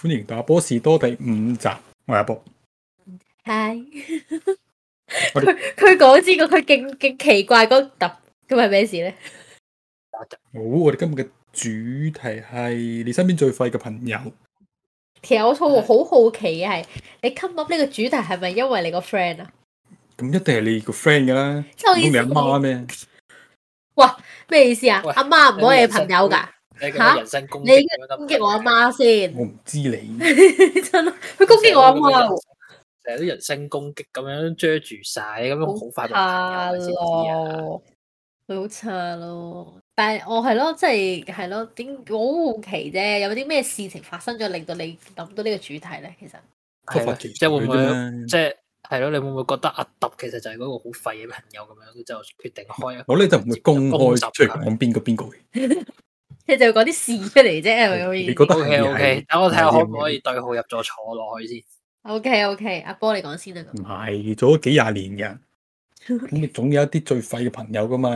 歡迎打波士多第五集，我係阿波。係佢，佢講知個，佢勁勁奇怪一集，個突咁係咩事咧？好、哦，我哋今日嘅主題係你身邊最廢嘅朋友。其實我，好好奇嘅係，你 come up 呢個主題係咪因為你個 friend 啊、嗯？咁一定係你個 friend 噶啦，即係我你阿媽咩？哇，咩意思啊？阿喂媽唔可以係朋友噶？吓！你攻擊我阿媽先，我唔知你真。佢攻擊我阿媽又成日啲人身攻擊咁樣遮住晒，咁樣好快就咯。佢好差咯。但係我係咯，即係係咯。點我好好奇啫？有啲咩事情發生咗，令到你諗到呢個主題咧？其實，即係會唔會即係係咯？你會唔會覺得阿揼其實就係嗰個好廢嘅朋友咁樣，就決定開一個？我咧就唔會公開出去講邊個邊個嘅。你就要講啲事出嚟啫，係咪你覺得係？O K O K，等我睇下可唔可以對號入座坐落去先。O K O K，阿波你講先得。唔係，做咗幾廿年嘅，咁你 Okay. 總有一啲最廢嘅朋友噶嘛。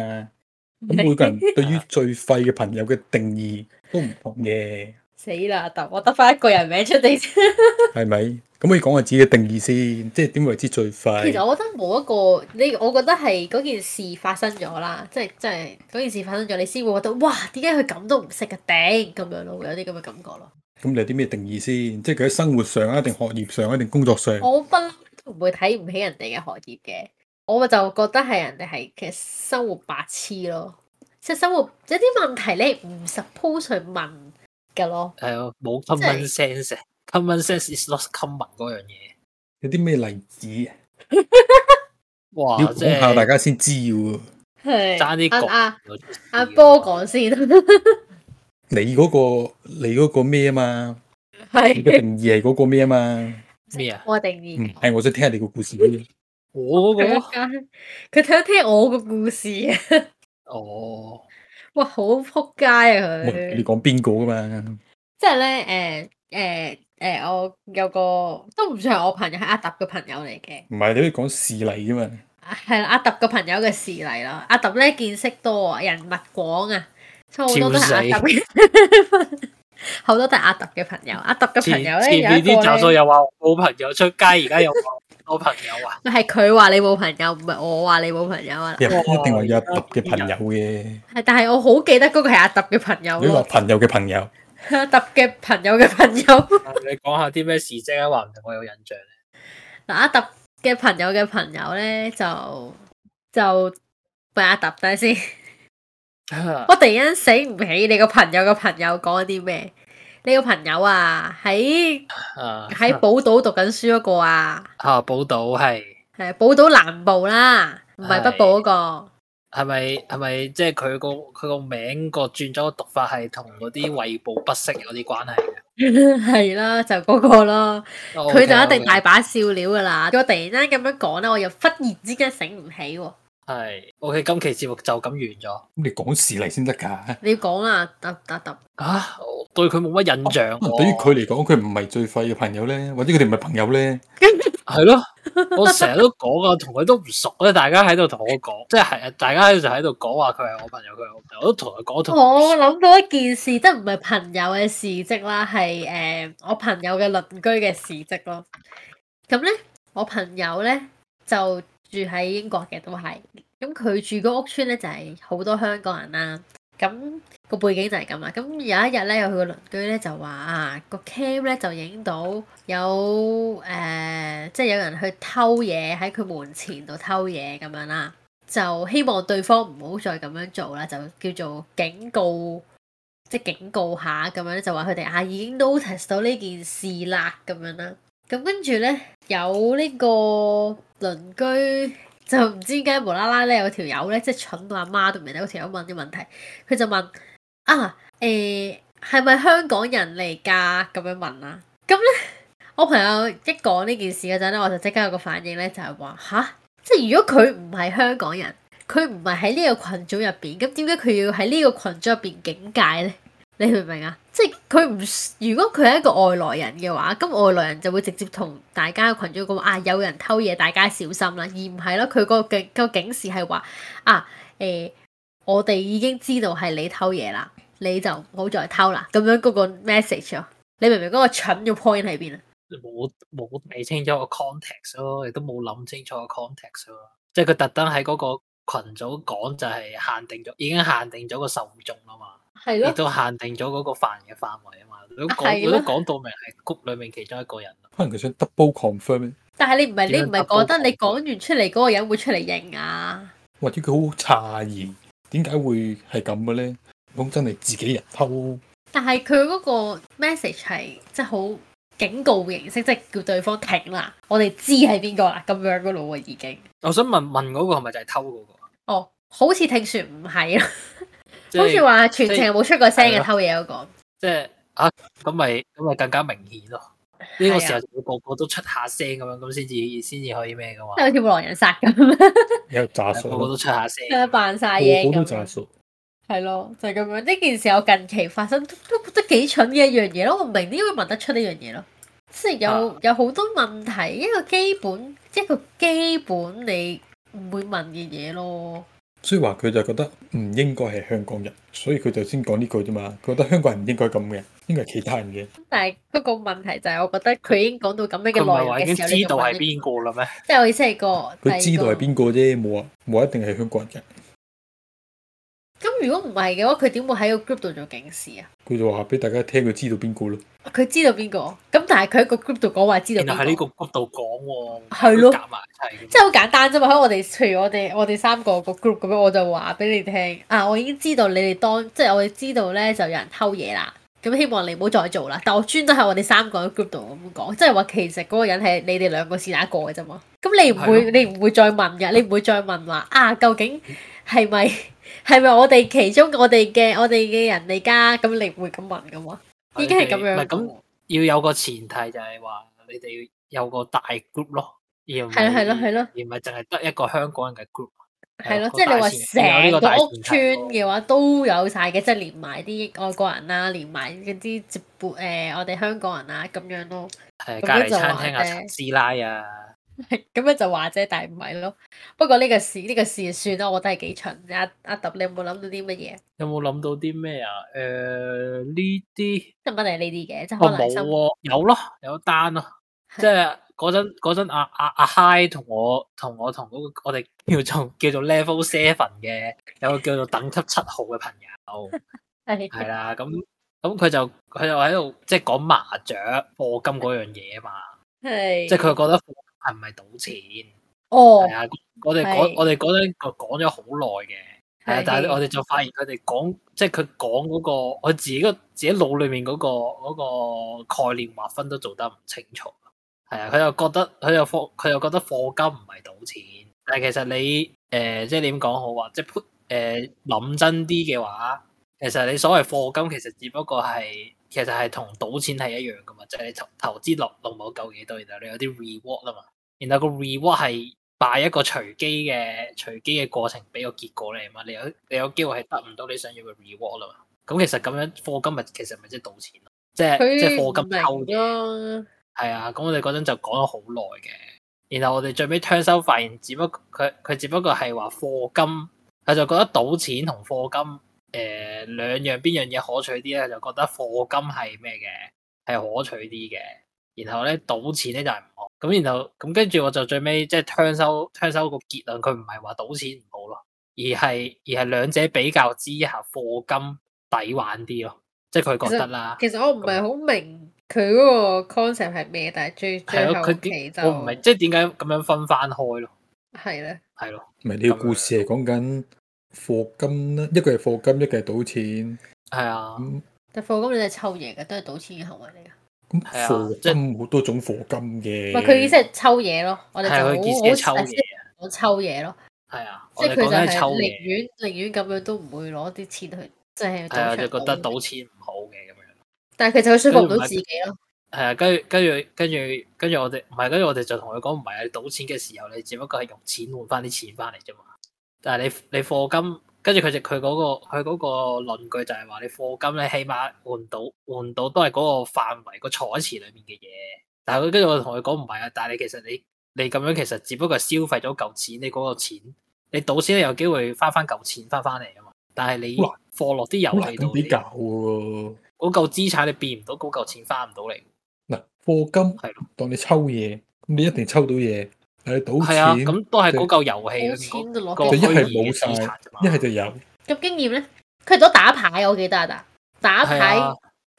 咁 每個人對於最廢嘅朋友嘅定義都唔同嘅。死啦！我得翻一個人名出嚟先，係咪？咁可以講下自己嘅定義先，即係點為之最快？其實我覺得冇一個呢，你我覺得係嗰件事發生咗啦，即係即係嗰件事發生咗，你先會覺得哇，點解佢咁都唔識嘅頂咁樣咯，會有啲咁嘅感覺咯。咁你有啲咩定義先？即係佢喺生活上一定學業上一定工作上？我不嬲都唔會睇唔起人哋嘅學業嘅，我就覺得係人哋係其實生活白痴咯，即係生活有啲問題你唔 suppose 問。嘅咯，係哦，冇 common sense，common sense is not common 嗰樣嘢。有啲咩例子？哇，要講下大家先知嘅喎。係，爭啲講，阿阿阿波講先。你嗰個，你嗰個咩啊嘛？係。你嘅定義係嗰個咩啊嘛？咩啊？我定義。係我想聽下你個故事。我嗰個，佢聽一聽我個故事啊。哦。哇，好扑街啊！佢你講邊個噶嘛？即係咧，誒，誒，誒，我有個都唔算係我朋友，係阿揼嘅朋友嚟嘅。唔係，你可以講事例噶嘛？係阿揼嘅朋友嘅事例咯。阿揼咧見識多啊，人物廣啊，差好多都係阿揼嘅，好多都係阿揼嘅朋友。阿揼嘅朋友咧，前邊啲教授又話冇朋友出街，而家又話。我朋友啊，係佢話你冇朋友，唔係我話你冇朋友啊。哦、一定另有阿揼嘅朋友嘅，係但係我好記得嗰個係阿揼嘅朋,、啊、朋,朋友。你話朋友嘅朋友，阿揼嘅朋友嘅朋友，你講下啲咩事啫？啊？話唔定我有印象咧。嗱，阿揼嘅朋友嘅朋友咧，就就問阿揼等等先。 我突然間醒唔起你、這個朋友嘅朋友講啲咩？呢個朋友啊，喺喺寶島讀緊書嗰個啊，啊寶島係係寶島南部啦，唔係北部嗰、那個。係咪係咪即係佢個佢個名個轉咗個讀法係同嗰啲胃部不適有啲關係？係啦、 啊，就嗰、是、個咯，佢、哦 okay, 就一定大把笑料噶啦。我 okay, okay. 突然間咁樣講咧，我又忽然之間醒唔起喎、啊。係，OK，今期節目就咁完咗。咁你講事嚟先得噶，你講啦，得得得啊！對佢冇乜印象。對於佢嚟講，佢唔係最廢嘅朋友咧，或者佢哋唔係朋友咧，係咯。我成日都講啊，同佢都唔熟咧。大家喺度同我講，即係大家喺度就喺度講話佢係我朋友，佢係我朋友，我都同佢講。我諗到一件事，即係唔係朋友嘅事蹟啦，係誒我朋友嘅鄰居嘅事蹟咯。咁咧，我朋友咧就。住喺英國嘅都係，咁佢住個屋村咧就係、是、好多香港人啦，咁個背景就係咁啊。咁有一日咧，有佢個鄰居咧就話啊，個 cam 咧就影到有誒，即、呃、係、就是、有人去偷嘢喺佢門前度偷嘢咁樣啦，就希望對方唔好再咁樣做啦，就叫做警告，即、就、係、是、警告下咁樣，就話佢哋啊已經 notice 到呢件事啦，咁樣啦。咁跟住咧，有呢個鄰居就唔知點解無啦啦咧，有條友咧即係蠢到阿媽都唔明，有條友問啲問題，佢就問啊誒係咪香港人嚟㗎？咁樣問啦、啊。咁咧，我朋友一講呢件事嗰陣咧，我就即刻有個反應咧，就係話吓，即係如果佢唔係香港人，佢唔係喺呢個群組入邊，咁點解佢要喺呢個群組入邊警戒咧？你明唔明啊？即係佢唔如果，佢係一個外來人嘅話，咁外來人就會直接同大家群組講啊，有人偷嘢，大家小心啦。而唔係咯，佢、個警、個警示係話啊，誒、欸，我哋已經知道係你偷嘢啦，你就唔好再偷啦。咁樣嗰個 message 咯，你明唔明嗰個蠢嘅 point 喺邊啊？冇冇理清楚個 context 咯，亦都冇諗清楚個 context 咯。即係佢特登喺嗰個群組講，就係限定咗，已經限定咗個受眾啊嘛。係咯，亦都限定咗嗰個犯嘅範圍啊嘛。如果講、啊、如果講到明係谷裏面其中一個人，可能佢想 double confirm 但。但係你唔係你唔係覺得你講完出嚟嗰個人會出嚟認啊？或者佢好詫異，點解會係咁嘅咧？講真係自己人偷。但係佢嗰個 message 係即係好警告形式，即係叫對方停啦。我哋知係邊個啦，咁樣嗰度已經。我想問問嗰個係咪就係偷嗰個？哦，好似聽說唔係啊。好似話全程冇出過聲嘅偷嘢嗰個，即係、就是、啊咁咪咁咪更加明顯咯。呢、這個時候仲要個個都出下聲咁樣，樣，咁先至先至可以咩嘅嘛？即係好似狼人殺咁，有詐數，個個都出下聲，扮晒嘢咁，好多詐數。係咯，就係、是、咁樣。呢件事我近期發生，都覺得幾蠢嘅一樣嘢咯。我唔明點解問得出呢樣嘢咯？即係有、啊、有好多問題，一個基本，一個基本你唔會問嘅嘢咯。所以話佢就覺得唔應該係香港人，所以佢就先講呢句啫嘛。覺得香港人唔應該咁嘅，應該係其他人嘅。但係嗰個問題就係，我覺得佢已經講到咁樣嘅內容嘅時候，佢唔係話已經知道係邊個啦咩？即係我意思係個，個。佢知道係邊個啫，冇話冇一定係香港人。咁如果唔係嘅話，佢點會喺個 group 度做警示啊？佢就話俾大家聽，佢知道邊個咯。佢知道邊個？咁但係佢喺個 group 度講話知道邊個？係喺呢個 group 度講喎。係咯，夾埋一齊。即係好簡單啫嘛！我哋除我哋，我哋三個個 group 咁樣，我就話俾你聽啊！我已經知道你哋當即係我哋知道咧，就有人偷嘢啦。咁希望你唔好再做啦。但我專登係我哋三個喺 group 度咁講，即係話其實嗰個人係你哋兩個是哪一個嘅啫嘛。咁你唔會，你唔會再問噶，你唔會再問話啊？究竟係咪？係咪我哋其中我哋嘅、我哋嘅人嚟噶？咁你唔會咁問噶已。依家係咁樣。咁，要有個前提就係話你哋要有個大 group 咯，要，唔係，係咯，係咯，而唔係淨係得一個香港人嘅 group。係咯的，即係你話成個屋村嘅話都有晒嘅，即係的連埋啲外國人啦，連埋嗰啲接播誒，我哋香港人啦、啊、咁樣咯。係的隔籬餐廳啊，師奶啊。呃咁 樣就話啫，但係唔係咯。不過呢個事呢、呢個事算啦，我覺得係幾蠢。阿阿揼，你有冇諗到啲乜嘢？有冇諗到啲咩啊？誒，呢啲即係唔一定呢啲嘅，即係可能冇有咯，有單咯。的即係嗰陣嗰陣阿阿阿 Hi 同我同我同嗰個我哋叫做叫做 Level Seven 嘅有個叫做等級七號嘅朋友係係啦，咁咁佢就佢就喺度即係講麻雀課金嗰樣嘢啊嘛，即係佢覺得。係唔係賭錢？哦，係啊！我哋講是我哋嗰陣講咗好耐嘅，係是但係我哋就發現佢哋講，即係佢講嗰個，佢自己個自己腦裏面嗰、嗰個、嗰個概念劃分都做得唔清楚。係啊，佢又覺得佢又貨，佢又覺得課金唔係賭錢。但係其實你誒，即、呃、係、就是就是呃、點講好啊？即係 put 誒諗真啲嘅話，其實你所謂課金，其實只不過係，其實係同賭錢係一樣噶嘛。即、就、係、是、你投投資落落冇夠幾多，然後你有啲 reward 啊嘛。然後個 reward 係擺一個隨機嘅隨機嘅過程，俾個結果你嘛？你有你有機會係得唔到你想要嘅 reward 啊嘛？咁其實咁樣課金咪其實咪即係賭錢，即係她 即係課金夠嘅。係啊，咁我哋嗰陣就講咗好耐嘅。然後我哋最尾聽收發現，只不佢佢只不過係話課金，佢就覺得賭錢同課金誒兩、呃、樣邊樣嘢可取啲咧，就覺得課金係咩嘅係可取啲嘅。然後咧賭錢咧就係唔好，咁然後咁跟住我就最尾，即係聽收聽收個結論，佢唔係話賭錢唔好咯，而係而係兩者比較之下，課金抵玩啲咯，即係佢覺得啦。其實我唔係好明佢嗰個 concept 係咩，但係最最後期、啊、我唔係即係點解咁樣分返開咯？係咧了，係咯，唔係呢個故事係講緊課金，一個係課金，一個係賭錢，係啊錯、嗯，但係課金你係抽嘢嘅，都係賭錢嘅行為嚟㗎。咁貨金好多種貨金嘅，唔係佢意思抽嘢咯，我哋好好好抽嘢，好抽嘢咯，係啊，即係佢就係寧願寧願咁樣都唔會攞啲錢去，即係係啊，就覺得賭錢唔好嘅咁樣，但係其實佢束縛唔到自己咯，係啊，跟住跟住跟住跟住我哋唔係跟住我哋就同佢講唔係啊，你賭錢嘅時候你只不過係用錢換翻啲錢翻嚟啫嘛，但係你你貨金。跟住佢就佢嗰個佢嗰個論據就係話你課金咧起碼換到換到都係嗰個範圍、嗰個彩池裏面嘅嘢，但係佢跟住我同佢講唔係啊，但係你其實你你咁樣其實只不過係消費咗嚿錢，你嗰個錢你賭先有機會翻翻嚿錢翻翻嚟啊嘛，但係你貨難放落啲油喺度，好難比較喎、啊，嗰嚿資產你變唔到嗰嚿錢翻唔到嚟嗱課金係咯，的當你抽嘢你一定抽到嘢。係啊，咁都係嗰嚿遊戲，一係冇晒，一係就有。咁經驗咧，佢都打牌，我記得啊，打打牌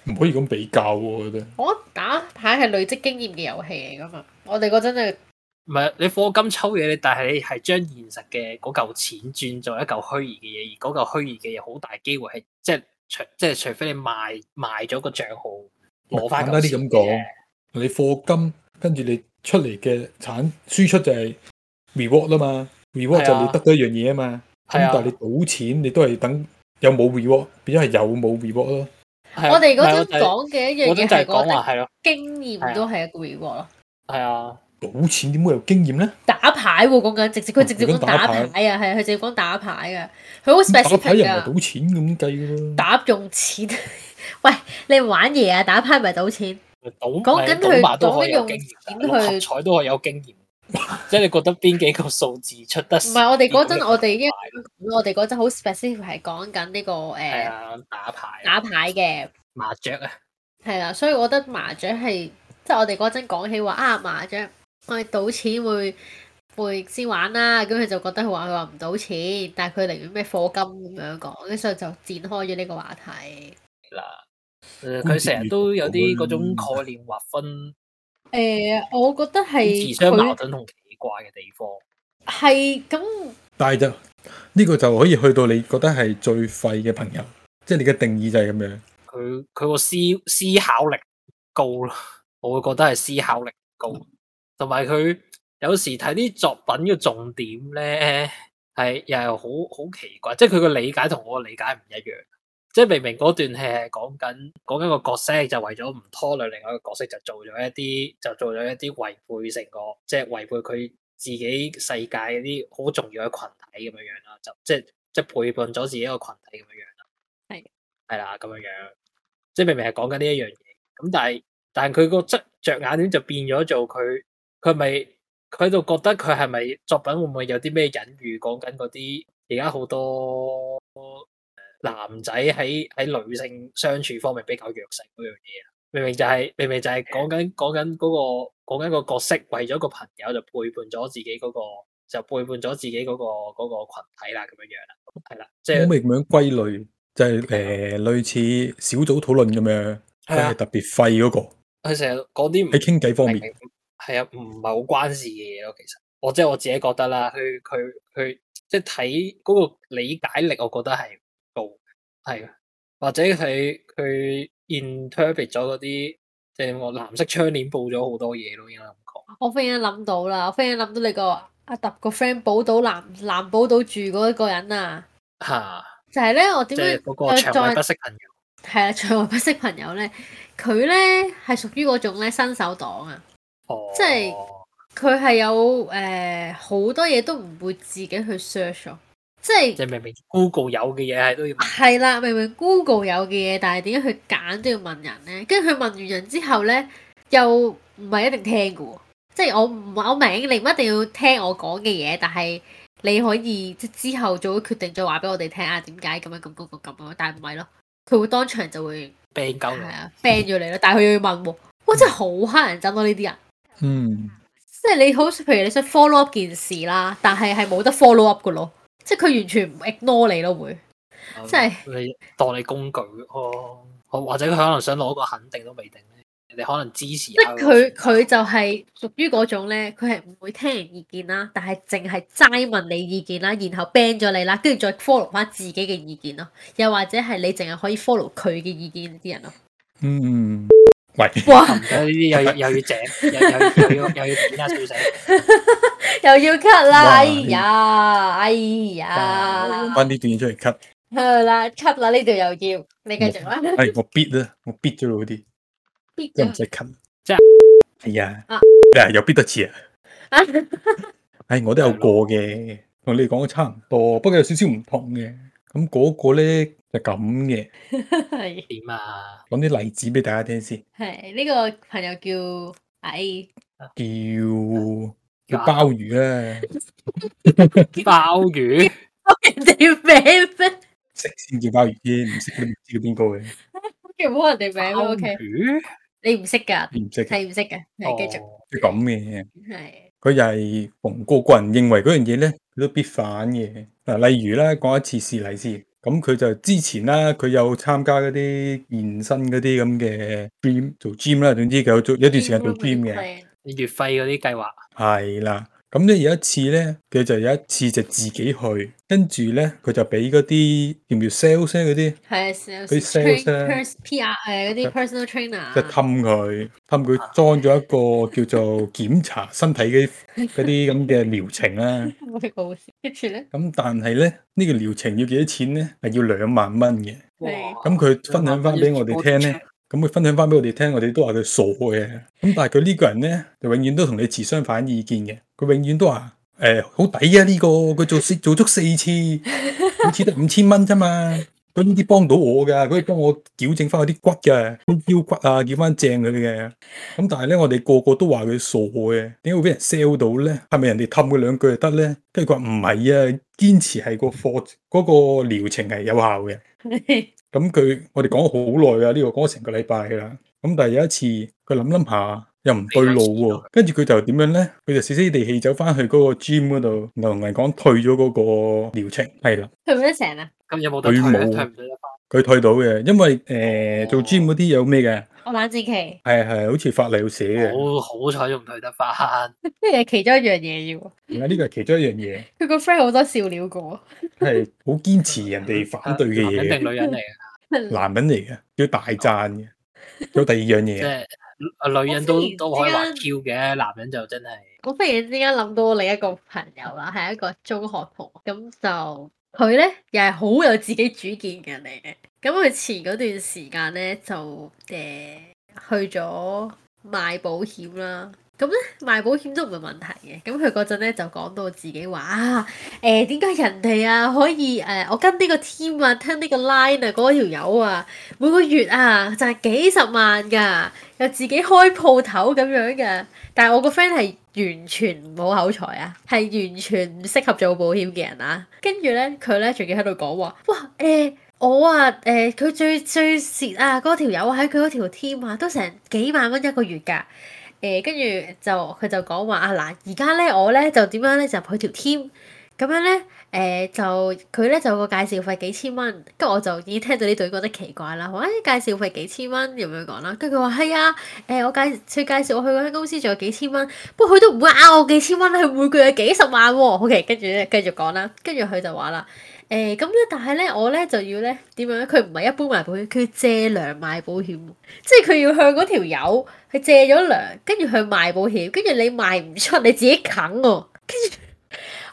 唔可以咁比較喎。我覺得打牌係累積經驗嘅遊戲嚟噶嘛，我哋嗰陣啊，唔係你課金抽嘢，但係你係將現實嘅嗰嚿錢轉做一嚿虛擬嘅嘢，而嗰嚿虛擬嘅嘢好大機會係即係即係除非你賣賣咗個賬號攞翻嗰啲咁講，你課金跟住你。出嚟嘅產輸出就係 reward 啦嘛，reward 就係你得咗一樣嘢啊嘛。咁、啊、但係你賭錢，你都係等有冇 reward，變咗係有冇 reward 咯。啊、我哋嗰種講嘅一樣嘢就係講得經驗都係一個 reward 咯。係啊，啊啊賭錢點會有經驗咧？打牌喎，講緊直接佢直接講打牌啊，係啊，佢、啊、直接講打牌嘅，佢好 specific 嘅、啊。打牌又唔係賭錢咁計嘅咯？打用錢， 喂，你玩嘢啊？打牌咪賭錢？賭講緊佢賭乜用？六合彩都係有經驗，即係 你覺得邊幾個數字出得？唔係我哋嗰陣，我哋已經我哋嗰陣好 specific 係講緊呢個誒，呃、打牌、啊、打牌嘅麻雀啊，係啦，所以我覺得麻雀係即係我哋嗰陣講起話啊麻雀，我哋賭錢會會先玩啦、啊，咁佢就覺得佢話佢話唔賭錢，但係佢寧願咩課金咁樣講，咁所以就展開咗呢個話題啦。佢成日都有啲嗰種概念劃分，誒、呃，我覺得係自相矛盾同奇怪嘅地方。係咁，但係就呢個就可以去到你覺得係最廢嘅朋友，即係你嘅定義就係咁樣。佢佢個思思考力高咯，我會覺得係思考力高，同埋佢有時睇啲作品嘅重點咧，係又係好好奇怪，即係佢嘅理解同我嘅理解唔一樣。即係明明嗰段戲係講緊講緊個角色，就為咗唔拖累另外一個角色，就做咗一啲就做咗一啲違背成個，即係違背佢自己世界啲好重要嘅群體咁樣樣啦，就即係即係背叛咗自己一個群體咁樣樣啦，係係啦咁樣樣，即係明明係講緊呢一樣嘢，咁但係但係佢個側着眼點就變咗做佢佢咪佢喺度覺得佢係咪作品會唔會有啲咩隱喻講緊嗰啲而家好多男仔喺喺女性相處方面比較弱勢嗰樣嘢，明明就係明明就係講緊講緊嗰個講緊個角色，為咗個朋友就背叛咗自己嗰個，就背叛咗自己嗰個嗰個群體啦，咁樣樣啦，係啦，即係咁樣歸類就係誒類似小組討論咁樣，係啊，特別廢嗰個，佢成日講啲唔係傾偈方面係啊，唔係好關事嘅嘢，其實我即係我自己覺得啦，佢佢佢即係睇嗰個理解力，我覺得係。係，或者係佢 interpret 咗嗰啲，即係我藍色窗簾報咗好多嘢咯，已經感覺。我忽然諗到啦，我忽然諗到你、嗰個阿揼個 friend 保島南南保島住嗰個人啊。吓、啊。就係咧，我點解即係個個不識朋友。係啊，長尾不識朋友咧，佢咧係屬於嗰種咧新手黨啊。哦。即係佢係有誒好多嘢都唔會自己去 search。即係即係明明 Google 有嘅嘢係都要係啦，明明 Google 有嘅嘢，但係點解佢揀都要問人咧？跟住佢問完人之後咧，又唔係一定聽嘅喎。即係我唔我明，你唔一定要聽我講嘅嘢，但係你可以即之後做決定再話俾我哋聽啊。點解咁樣咁 Google 咁啊？但係唔係咯？佢會當場就會 ban 鳩你。係啊，ban 咗你啦。但係佢又要問喎，哇！真係好黑人憎咯呢啲人。嗯，即係你好，譬如你想 follow up 件事啦，但係係冇得 follow up 嘅咯。即係佢完全唔 ignore 你咯，會即係你當你工具咯，或或者佢可能想攞個肯定都未定咧。你可能支持即係佢佢就係屬於嗰種咧，佢係唔會聽人意見啦，但係淨係齋問你，意見，你意見啦，然後 ban 咗你啦，跟住再 follow 翻自己嘅意見咯。又或者係你淨係可以 follow 佢嘅意見啲人咯。嗯嗯。哇！唔得，呢啲又又要整，又又又要又要剪下又要 cut 啦！哎呀，哎呀，搵啲段嘢出嚟 cut 啦，cut 啦！呢度又要你繼續啦。哎，我 beat 啦，我 beat 咗嗰啲，即係唔使 cut，即係係啊，又 beat 多次啊！哎，我都有過嘅，同你哋講嘅差唔多，不過有少少唔同嘅。咁嗰個咧。就咁嘅，點啊？講啲例子俾大家聽先。係呢個朋友叫矮，叫叫鮑魚咧。鮑魚，鮑魚點名啫？識先叫鮑魚啫，唔識你唔知叫邊個嘅。叫好人哋名啦，O K。你唔識噶，唔識，睇唔識嘅，係繼續。咁嘅，係。佢係逢過個人認為嗰樣嘢咧，佢都必反嘅。嗱，例如啦，講一次事例先。咁佢就之前啦，佢有參加嗰啲健身嗰啲咁嘅做 gym 啦，總之佢有做一段時間做 gym 嘅，月費嗰啲計劃係啦。咁咧，有一次咧，佢就有一次就自己去，跟住咧，佢就俾嗰啲叫唔叫 sales 嗰啲，係 sales，佢 sales，PR 誒啲 personal trainer，即係氹佢，氹佢裝咗一個叫做檢查身體嗰啲嗰啲咁嘅療程啦，啊。我哋講好笑呢，跟住咧，咁但係咧呢個療程要幾多錢咧？係要兩萬蚊嘅。咁佢 分享翻俾我哋聽咧，咁佢 分享翻俾我哋聽， 我哋都話佢傻嘅。咁但係佢呢個人咧，就永遠都同你持相反意見嘅。佢永遠都話誒好抵啊！呢個佢做做足四次，好似得五千蚊啫嘛。佢呢啲幫到我㗎，佢幫我矯正翻嗰啲骨㗎，腰骨啊，矯翻正佢嘅。咁但係咧，我哋個個都話佢傻嘅，點解會俾人 sell 到咧？係咪人哋氹佢兩句就得咧？跟住佢話唔係啊，堅持係個貨，嗰個療程係有效嘅。咁佢我哋講咗好耐啊，呢個講咗成個禮拜啦。咁但係有一次，佢諗諗下，又唔對路喎，跟住佢就點樣咧？佢就死死地氣走翻去嗰個 gym 嗰度，同人講退咗嗰個療程，係啦。退唔得成啊？咁有冇退？冇，退唔到得翻。佢退到嘅，因為誒做 gym 嗰啲有咩嘅？我冷靜期係係，好似法例要寫嘅。哦，好彩仲退得翻。呢係其中一樣嘢要。係啊，呢個係其中一樣嘢。佢個 friend 好多笑料過。係好堅持人哋反對嘅嘢。唔係女人嚟嘅，男人嚟嘅，要大讚嘅。仲有第二樣嘢。女人都都好辣 Q 嘅，男人就真係。我忽然之間諗到另一個朋友啦，係一個中學同學，咁就佢咧又係好有自己主見嘅人嚟嘅。咁佢前嗰段時間咧就誒、呃、去咗賣保險啦。咁咧賣保險都唔係問題嘅，咁佢嗰陣咧就講到自己話啊，誒點解人哋啊可以誒、啊、我跟呢個 team 啊聽呢個 line 啊嗰條友啊每個月啊就係幾十萬㗎，又自己開鋪頭咁樣嘅，但係我個 friend 係完全冇口才啊，係完全唔適合做保險嘅人啊，跟住咧佢咧仲要喺度講話，哇誒、欸、我啊誒佢最最蝕啊嗰條友喺佢嗰條 team 啊都成幾萬蚊一個月㗎。誒，跟住、欸、就佢就講話啊嗱，而家咧我咧就點樣咧就入去條 team，咁樣咧誒、欸、就佢咧就有個介紹費幾千蚊，跟住，我就已經聽到呢度覺得奇怪啦，話介紹費幾千蚊咁樣講啦，跟住，佢話係啊，誒、欸、我介佢介紹我去嗰間公司仲有幾千蚊，不過佢都唔會呃我幾千蚊，佢每個月有幾十萬喎，OK，跟住咧繼續講啦，跟住佢就話啦。誒咁咧，但係咧，我咧就要咧點樣咧？佢唔係一般賣保險，佢借糧賣保險，即係佢要向嗰條友係借咗糧，跟住去賣保險，跟住你賣唔出，你自己啃喎、啊。跟住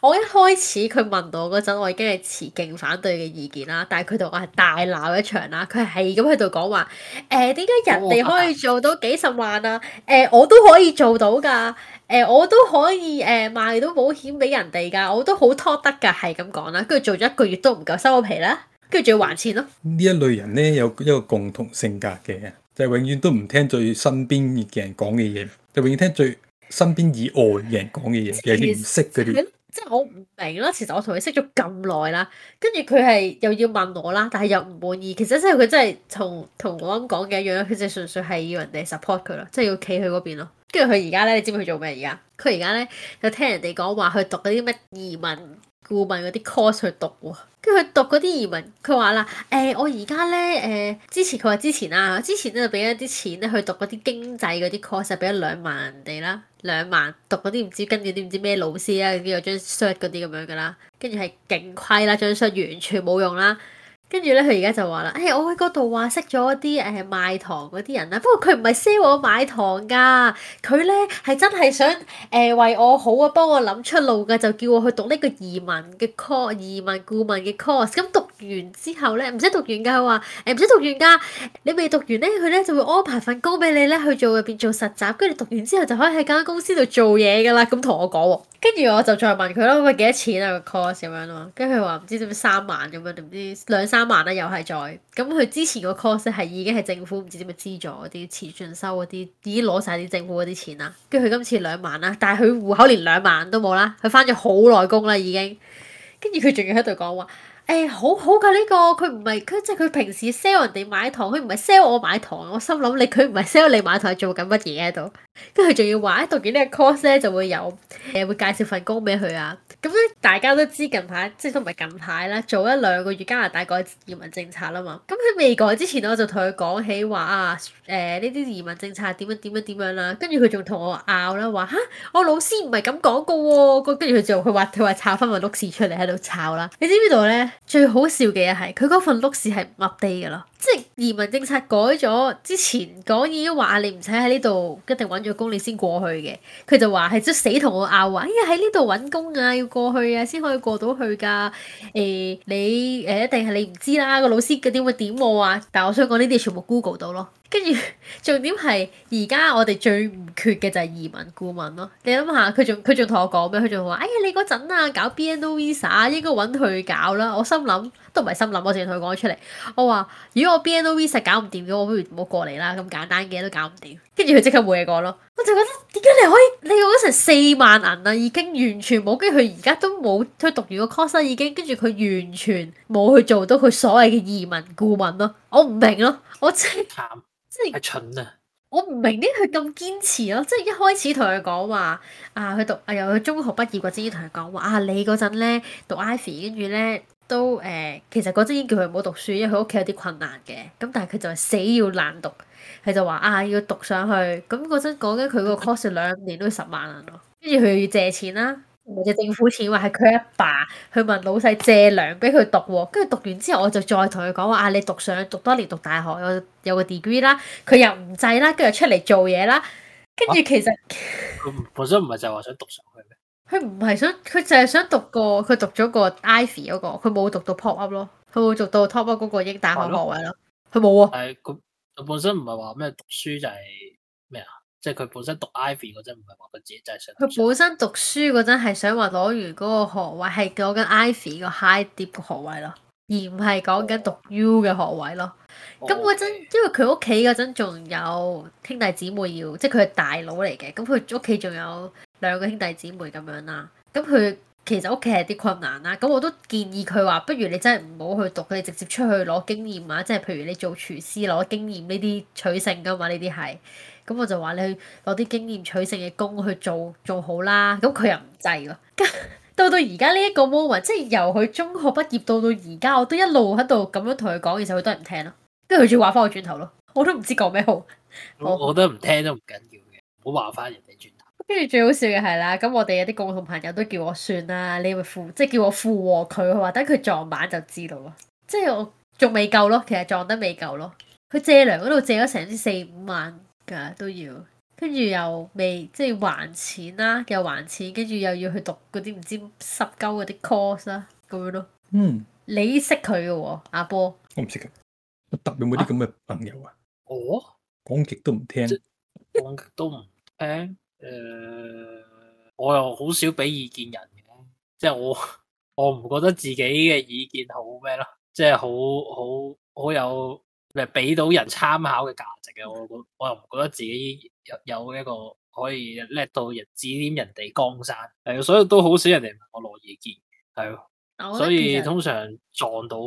我一開始佢問到我嗰陣，我已經係持勁反對嘅意見啦。但係佢同我係大鬧一場啦。佢係咁喺度講話誒，點、欸、解人哋可以做到幾十萬啊？誒、欸，我都可以做到㗎。誒、呃，我都可以誒、呃、賣到保險俾人哋㗎，我都好拖得㗎，係咁講啦。跟住做咗一個月都唔夠收皮啦，跟住仲要還錢咯。呢一類人咧有一個共同性格嘅，就係、是、永遠都唔聽最身邊嘅人講嘅嘢，就永遠聽最身邊以外嘅人講嘅嘢，有啲唔識嗰啲。即係我唔明咯，其實我同佢識咗咁耐啦，跟住佢係又要問我啦，但係又唔滿意。其實真係佢真係同同我咁講嘅一樣，佢就純粹係要人哋 support 佢咯，即、就、係、是、要企佢嗰邊咯。跟住佢而家咧，你知唔知佢做咩而家？佢而家咧就聽人哋講話，佢讀嗰啲咩移民顧問嗰啲 course 去讀喎。跟住佢讀嗰啲移民，佢話啦，誒、欸、我而家咧誒，之前佢話之前啊，之前咧俾咗啲錢咧去讀嗰啲經濟嗰啲 course，俾咗兩萬人哋啦，兩萬讀嗰啲唔知跟住啲唔知咩老師啊，嗰啲又將 shirt 嗰啲咁樣噶啦，跟住係勁虧啦，張 shirt 完全冇用啦。跟住咧，佢而家就話啦，哎，我喺嗰度話識咗啲誒賣糖嗰啲人啦。不過佢唔係 sell 我買糖㗎，佢咧係真係想誒、呃、為我好啊，幫我諗出路㗎，就叫我去讀呢個移民嘅 course，移民顧問嘅 course。咁讀。完之後咧，唔使讀完㗎，佢話誒唔使讀完㗎，你未讀完咧，佢咧就會安排份工俾你咧去做入邊做實習，跟住讀完之後就可以喺間公司度做嘢㗎啦。咁同我講喎，跟住我、哦、我就再問佢啦，喂幾多錢啊、這個 course 咁樣啊，跟住佢話唔知點樣三萬咁樣定唔知兩三萬啊，又係再咁佢之前個 course 係已經係政府唔知點樣資助嗰啲，前進修嗰啲已經攞晒啲政府嗰啲錢啦，跟住佢今次兩萬啦，但係佢戶口連兩萬都冇啦，佢翻咗好耐工啦已經，跟住佢仲要喺度講話。誒、哎、好好㗎呢、個，佢唔係佢即係佢平時 sell 人哋買糖，佢唔係 sell 我買糖，我心諗你佢唔係 sell 你買糖，係做緊乜嘢喺度？跟住佢仲要話咧，讀完呢個 course 咧就會有誒，會介紹份工俾佢啊。咁咧大家都知近排，即都唔係近排啦，做一兩個月加拿大改移民政策啦嘛。咁佢未改之前，我就同佢講起話啊，誒呢啲移民政策點樣點樣點樣啦。跟住佢仲同我拗啦，話嚇我老師唔係咁講噶喎。跟住佢就佢話佢話抄翻份 notes 出嚟喺度抄啦。你知唔知道咧？最好笑嘅係佢嗰份 notes 係唔 update 噶咯。即移民政策改咗之前講，已經話你唔使喺呢度一定揾咗工你先過去嘅。佢就話係，即死同我拗，話，哎呀喺呢度揾工啊，要過去啊先可以過到去㗎誒、啊欸、你誒、呃、一定係你唔知啦、啊，個老師嗰啲會點我啊？但我想講呢啲全部 Google 到咯。跟住重點係而家我哋最唔缺嘅就係移民顧問咯。你諗下，佢仲佢仲同我講咩？佢仲話：哎呀，你嗰陣啊搞 BNO Visa 應該揾佢搞啦。我心諗都唔係心諗，我淨係同佢講咗出嚟。我話如果我 BNO Visa 搞唔掂嘅，我不如唔好過嚟啦。咁簡單嘅嘢都搞唔掂，跟住佢即刻冇嘢講咯。我就覺得點解你可以？你用咗成四萬銀啊，已經完全冇。跟住佢而家都冇，佢讀完個 course 已經，跟住佢完全冇去做到佢所謂嘅移民顧問咯。我唔明咯，我真係。 真係蠢啊！我唔明點解佢咁堅持咯，即係一開始同佢講話啊，佢讀啊又去中學畢業嗰陣，同佢講話啊，你嗰陣咧讀 Ivy，跟住咧都誒、呃，其實嗰陣已經叫佢唔好讀書，因為佢屋企有啲困難嘅，咁但係佢就死要難讀，佢就話啊要讀上去，咁嗰陣講緊佢個 course 兩年都要十萬銀咯，跟住佢又要借錢啦。或者政府錢，話係佢阿爸去問老細借糧俾佢讀喎，跟住讀完之後，我就再同佢講話啊，你讀上讀多年讀大學有有個 degree 啦，佢又唔制啦，跟住出嚟做嘢啦，跟住其實佢，啊、本身唔係就話想讀上去咩？佢唔係想，佢就係想讀個佢讀咗個 Ivy 嗰，那個，佢冇讀到 pop up 咯，佢冇讀到 top up 嗰個英大學學位咯，佢冇啊。嗎但佢本身唔係話咩讀書就係咩啊？即係佢本身讀 ivy 嗰陣，唔係話佢自己真係想。佢本身讀書嗰陣係想話攞完嗰個學位，係攞緊 ivy 個 high dip 個學位咯，而唔係講緊讀 u 嘅學位咯。咁嗰陣，Okay. 因為佢屋企嗰陣仲有兄弟姊妹要，即係佢係大佬嚟嘅。咁佢屋企仲有兩個兄弟姊妹咁樣啦。咁佢其實屋企係啲困難啦。咁我都建議佢話，不如你真係唔好去讀，你直接出去攞經驗啊！即係譬如你做廚師攞經驗呢啲取勝噶嘛，呢啲係。咁我就話你去攞啲經驗取勝嘅工去做做好啦，咁佢又唔制喎。 到到而家呢一個 moment，即係由佢中學畢業到到而家，我都一路喺度咁樣同佢講，其實佢都係唔聽咯。跟住佢仲話翻我轉頭咯，我都唔知講咩好。 我我都唔聽都唔緊要嘅，冇話翻人哋轉頭。跟住最好笑嘅係啦，咁我哋有啲共同朋友都叫我算啦，你復即係叫我復和佢，佢話等佢撞板就知道咯。即係我仲未夠咯，其實撞得未夠咯。佢借糧嗰度借咗成四五萬。都要，跟住又未即係還錢啦，啊，又還錢，跟住又要去讀嗰啲唔知濕鳩嗰啲 course 啦，啊，咁樣咯。嗯，你識佢嘅喎，阿波。我唔識佢。特別冇啲咁嘅朋友啊。啊我講極都唔聽，講極都唔聽。誒， uh, 我又好少俾意見人嘅，即係我我唔覺得自己嘅意見好咩咯，即係好好好有。嚟俾到人參考嘅價值嘅，我我又唔覺得自己有有一個可以叻到人指點人哋江山，係所以都好少人哋問我羅意見，係，所以通常撞到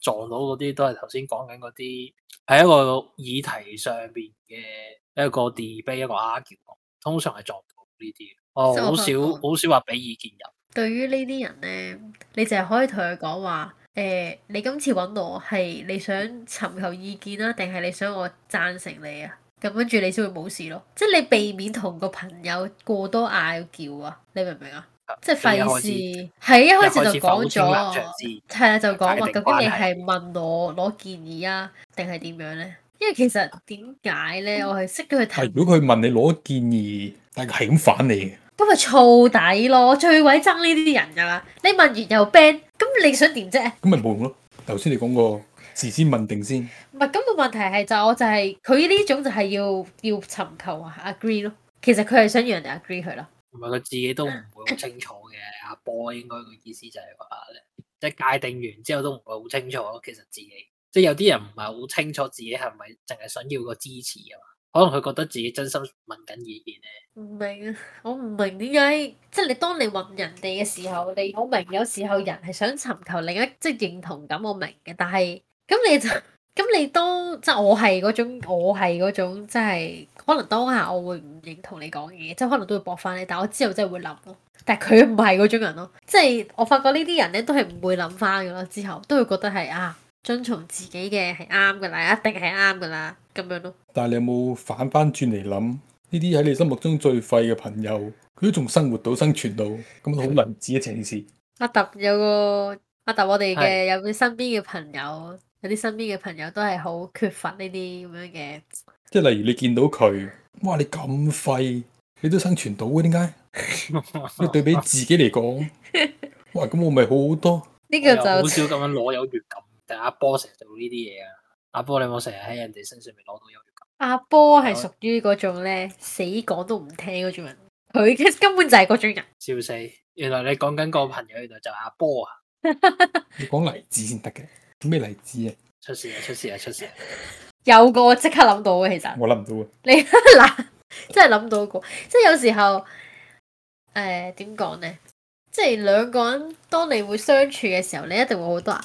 撞到嗰啲都係頭先講緊嗰啲，係一個議題上邊嘅一個 debate，一個 argument，通常係撞到呢啲，哦，好少好少話俾意見人。對於呢啲人咧，你淨係可以同佢講話。誒，你今次揾我係你想尋求意見啦，啊，定係你想我贊成你啊？咁跟住你先會冇事咯，即係你避免同個朋友過多嗌交啊，你明唔明啊？即係費事，係一開始就講咗，係啦，啊，就講話，啊、究竟你係問我攞建議啊，定係點樣呢？因為其實點解呢，我係識咗佢睇。嗯、如果佢問你攞建議，但係咁反你。都係燥底咯，最鬼憎呢啲人噶啦！你問完又 ban，咁你想點啫？咁咪冇用咯。頭先你講過事先問定先，唔係咁個問題，係就我就係佢呢種就係要要尋求 agree 咯。其實佢係想要人哋 agree 佢啦。唔係佢自己都唔會好清楚嘅。阿波應該個意思就係話，即係界定完之後都唔會好清楚咯。其實自己即係有啲人唔係好清楚自己係咪淨係想要個支持啊？可能佢覺得自己真心問緊意見咧，唔明啊，我唔明點解，即係你當你問人哋嘅時候，你好明有時候人係想尋求另一即係認同感，我明嘅。但係咁你就咁你當即係我係嗰種，我係嗰種即係可能當下我會唔認同你講嘢，即係可能都會駁翻你。但我之後真係會諗咯。但係佢唔係嗰種人咯，即係我發覺呢啲人咧都係唔會諗翻噶啦，之後都會覺得係啊，遵從自己嘅係啱噶啦，一定係啱噶啦咁樣咯。但係你有冇反翻轉嚟諗呢啲喺你心目中最廢嘅朋友，佢都仲生活到生存到，咁好難止一場事。阿揼有個阿揼，我哋嘅的有佢身邊嘅朋友，有啲身邊嘅朋友都係好缺乏呢啲咁樣嘅。即係例如你見到佢，哇！你咁廢，你都生存到嘅點解？你對比自己嚟講，哇！咁我咪好好多。呢個就好少咁樣攞優越感咁。但阿波成日做呢啲嘢啊，阿波你冇成日喺人哋身上面攞到優越感。阿波係屬於嗰種咧，死講都唔聽嗰種人，佢根本就係嗰種人。笑死！原來你講緊個朋友喺度就阿波啊！你講例子先得嘅，咩例子啊？出事啊，出事啊，出事啊！有個即刻諗到嘅，其實我諗唔到啊。你嗱，真係諗到個，即係有時候誒，點講咧？即係兩個人當你會相處嘅時候，你一定會好多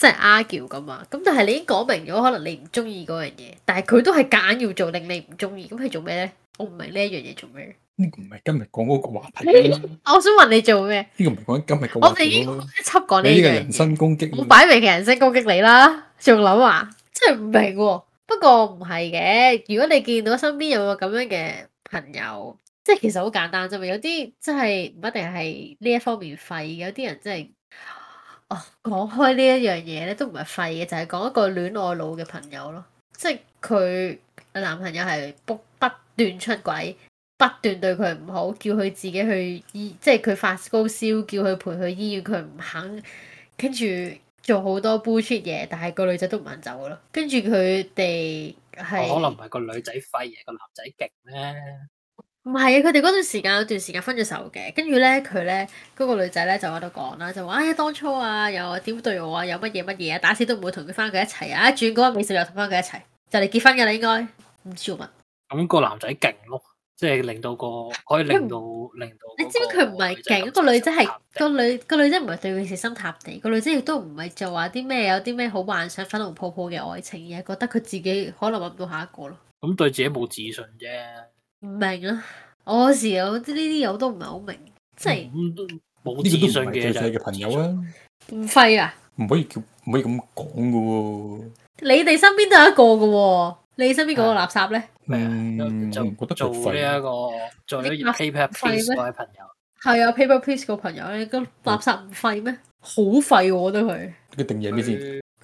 真係阿叫咁啊！咁但係你已經講明咗，可能你唔中意嗰樣嘢，但係佢都係揀要做令你唔中意，咁佢做咩咧？我唔明呢一樣嘢做咩。呢個唔係今日講嗰個話題。 我想問你做咩？呢個唔係講今日嘅。我哋已經一輯講呢個人身攻擊。我擺明嘅人身攻擊你啦，仲諗話真係唔明，哦。不過唔係嘅，如果你見到身邊有個咁樣嘅朋友，即係其實好簡單啫嘛。有啲即係唔一定係呢一方面廢，有啲人真係。哦，oh, 講開呢一樣嘢咧，都唔係廢嘅，就係、是、講一個戀愛腦嘅朋友咯，即係佢男朋友係不，不斷出軌，不斷對佢唔好，叫佢自己去醫，即係佢發高燒，叫佢陪佢去醫院，佢唔肯，跟住做好多 bullshit 嘢，但係個女仔都唔肯走咯，跟住佢哋係可能唔係個女仔廢嘢，個男仔勁咧。唔係啊，佢哋嗰段時間有段時間分咗手嘅，跟住咧，佢咧嗰個女仔咧就喺度講啦，就話哎呀，當初啊，又點對我啊，有乜嘢乜嘢啊，打死都唔會同佢翻佢一齊啊，轉嗰個美食又同翻佢一齊，就嚟結婚嘅啦，應該唔知喎。咁個男仔勁咯，即係令到個可以令到你令到。你知唔知佢唔係勁，個女仔係個女個女仔唔係對佢死心塌地，個女仔亦都唔係做話啲咩，有啲咩好幻想粉紅泡泡嘅愛情，而係覺得佢自己可能揾唔到下一個咯。咁對自己冇自信啫。唔明啊！我有時我呢啲友都唔係好明，即係呢個都唔係最廢嘅朋友啊！唔廢啊？唔可以叫唔可以咁講噶？你哋身邊都有一個噶？你身邊嗰個垃圾咧？唔覺得做廢呢一個做呢個 paper please 嘅朋友係啊？paper please 個朋友咧個垃圾唔廢咩？好廢我覺得佢嘅定義係咩先？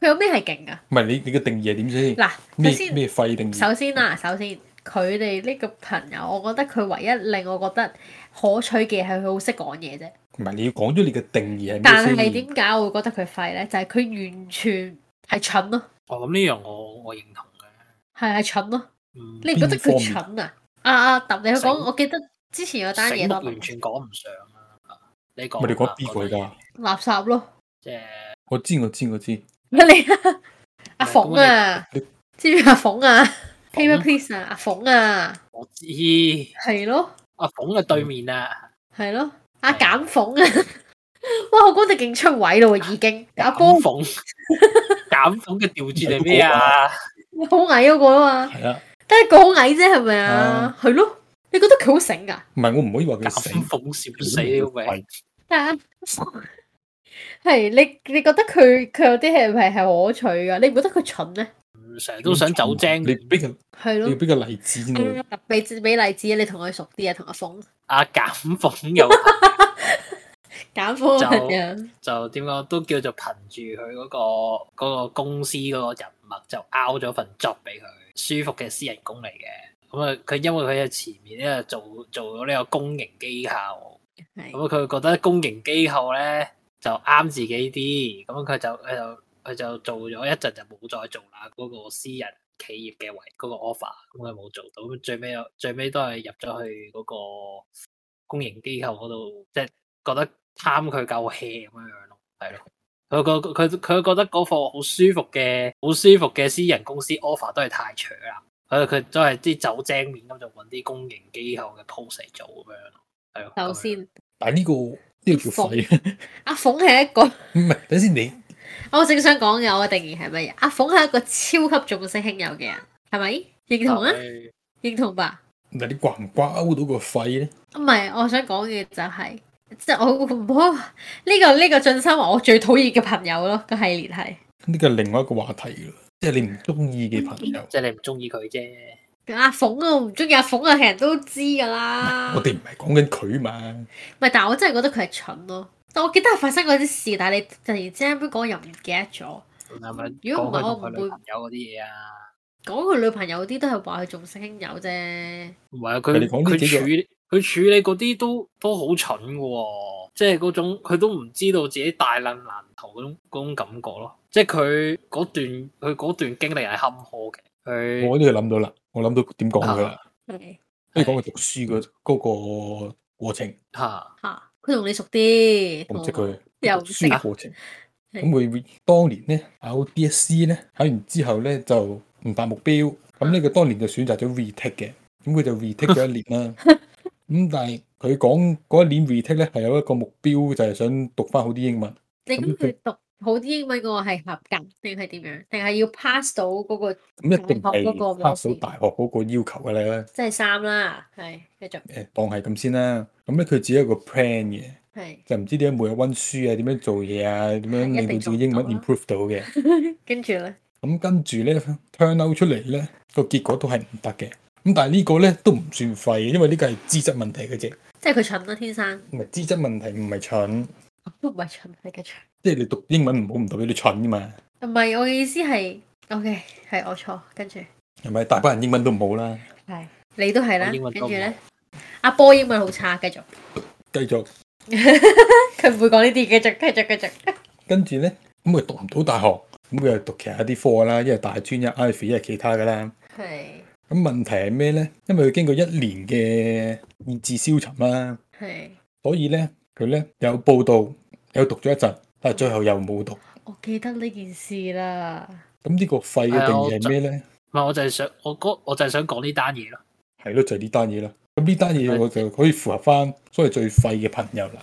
佢有咩係勁啊？唔係你你個定義係點先？嗱，咩咩廢定義？首先啊，首先。佢哋呢個朋友，我覺得佢唯一令我覺得可取嘅係佢好識講嘢啫。唔係你要講咗你嘅定義係但係點解我會覺得佢廢咧？就係、是、佢完全係蠢咯。哦，咁呢樣我我認同嘅。係係蠢咯。你覺得佢蠢啊？啊阿揼你去講，我記得之前有單嘢都完全講唔上啊。你，你講，我哋講邊個而家？垃圾咯。即係我知，我知，我知。乜你？阿馮啊？知唔知阿馮啊？啊啊啊啊 Paper please 啊，阿馮啊，我知，係咯，阿馮嘅對面啊，係咯，阿簡馮啊，哇，我覺得勁出位咯，已經阿哥馮，簡馮嘅調子係咩啊？你好矮嗰個啊嘛，係啊，得係個好矮啫，係咪啊？係咯，你覺得佢好醒噶？唔係，我唔可以話佢醒，笑死你，但係簡馮係你，你覺得佢佢有啲係唔係係可取噶？你唔覺得佢蠢咩？成日都想走精，你俾個係咯，俾個例子先。俾俾例子啊！你同佢熟啲啊，同阿峯。阿簡峯又簡峯就就點講？都叫做憑住佢嗰個嗰個公司嗰個人脈，就拗咗份 job 俾佢，舒服嘅私人工嚟嘅。咁啊，佢因為佢喺前面咧做做咗呢個公營機構，咁佢覺得公營機構咧就啱自己啲，咁佢就佢就。佢就做咗一陣就冇再做啦，嗰、嗰個私人企業嘅位，嗰、嗰個 offer，咁佢冇做到，最尾最尾都係入咗去嗰個公營機構嗰度，即係覺得貪佢夠 hea 咁樣樣咯，係咯，佢覺佢佢覺得嗰個好舒服嘅，好舒服嘅私人公司 offer 都係太扯啦，所以佢都係啲走正面咁就搵啲公營機構嘅 post 嚟做咁樣咯，係咯。首先，的但係、呢、呢個呢、呢個叫鳳，阿鳳係一個，唔係，等先你。我正想講嘅，我嘅定義係乜嘢？阿鳳係一個超級重色輕友嘅人，係咪認同啊？的認同吧。嗱，你刮唔刮勾到個肺咧？唔係，我想講嘅就係、是，即係我呢、這個呢、這個進深，我最討厭嘅朋友咯，個系列係。呢個係另外一個話題，即係你唔中意嘅朋友。 即係你唔中意佢啫。阿馮啊，啊，我唔中意阿馮啊，其實都知噶啦。我哋唔係講緊佢嘛。唔係，但我真係覺得佢係蠢咯，啊。但我記得係發生過啲事，但係你突然之間咁講又唔記得咗。如果唔係，我唔會有嗰啲嘢啊。講佢女朋友嗰啲都係話佢重色輕友啫。唔係啊，佢佢處佢處理嗰啲都都好蠢嘅，哦，即係嗰種佢都唔知道自己大難臨頭嗰種種感覺咯。即係佢嗰段佢嗰段經歷係坎坷嘅。是我呢度諗到啦，我諗到點講佢啦，不如講佢讀書個嗰個過程。吓吓、啊，佢同你熟啲，我唔識佢。讀書過程，咁佢、啊、當年咧，考 d s c 咧，考完之後咧,就唔達目標，咁呢個當年就選擇咗 retake 嘅，咁佢就 retake 咗一年啦。咁 但係佢講嗰一年 retake 咧係有一個目標，就係、是、想讀翻好啲英文。你去讀。好啲英文我係合格定係點樣？定係要 pass 到嗰個，咁一定 pass 到大學嗰個要求嘅你咧，即係三啦，係繼續。誒，當係咁先啦。咁咧佢自己有一個 plan 嘅，就唔是知點解每日溫書啊，點樣做嘢啊，點樣令到自己英文 improve 到嘅。跟住咧，咁跟住咧，turn out 出嚟咧，個結果都係唔得嘅。咁但係呢個咧都唔算廢，因為呢個係資質問題嘅啫。即係佢蠢咯，啊，天生。唔係資質問題，唔係蠢。都唔係蠢，你嘅蠢。即係你讀英文唔好唔讀，你蠢㗎嘛？唔係，我嘅意思係，OK，係我錯，跟住係咪大班人英文都唔好啦？係，你都係啦。跟住咧，阿波英文好差，繼續，繼續。佢唔會講呢啲，繼續，繼續，繼續。跟住咧，咁佢讀唔到大學，咁佢又讀其他啲課啦，一係大專一 Ivy，一係其他㗎啦。係。咁問題係咩咧？因為佢經過一年嘅意志消沉啦，係。所以咧，佢咧有報道，有讀咗一陣。但係最後又冇讀。我記得呢件事啦。咁呢個廢嘅定義係咩咧？唔、哎、我就係想我我就係想講呢單嘢咯。係咯，就係呢單嘢咯。咁呢單嘢我就可以符合翻所謂最廢嘅朋友啦。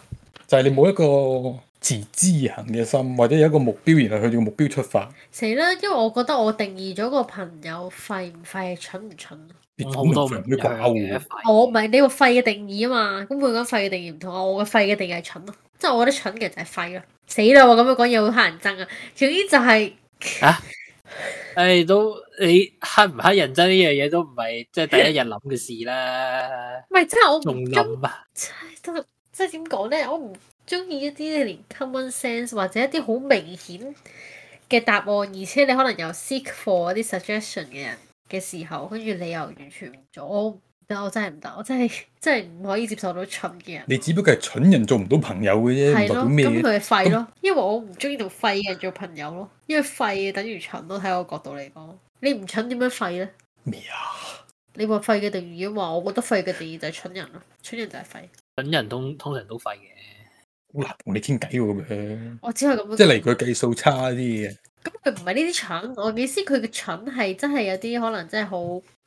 就係、是、你冇一個持之以恆嘅心，或者有一個目標，然後向住個目標出發。死啦！因為我覺得我定義咗個朋友廢唔廢係蠢唔蠢你啊？我唔係你個廢嘅定義啊嘛。咁每個人廢嘅定義唔同啊。我嘅廢嘅定義係蠢咯。即係我覺得蠢嘅人就係廢咯。死啦！我咁樣講嘢好乞人憎啊！總之就係、是、啊，誒、哎，都你乞唔乞人憎呢樣嘢都唔係即係第一日諗嘅事啦。唔係咦，即係我唔諗啊！即係即係點講咧？我唔中意一啲你連 common sense 或者一啲好明顯嘅答案，而且你可能有 seek for 一啲 suggestion 嘅人嘅時候，跟住你又完全唔做。但我真係唔得，我真係真係唔可以接受到蠢嘅人。你只不過係蠢人做唔到朋友嘅啫。咁佢係廢咯，因為我唔中意同廢嘅人做朋友咯。因為廢等於蠢咯，喺我角度嚟講，你唔蠢點樣廢咧？咩啊？你話廢嘅定義啊嘛？我覺得廢嘅定義就係蠢人咯，蠢人就係廢。蠢人通通常都廢嘅，好難同你傾偈咁樣？我只係咁，即係嚟佢計數差啲嘅。咁佢唔係呢啲蠢，我意思，佢嘅蠢係真係有啲可能真係好？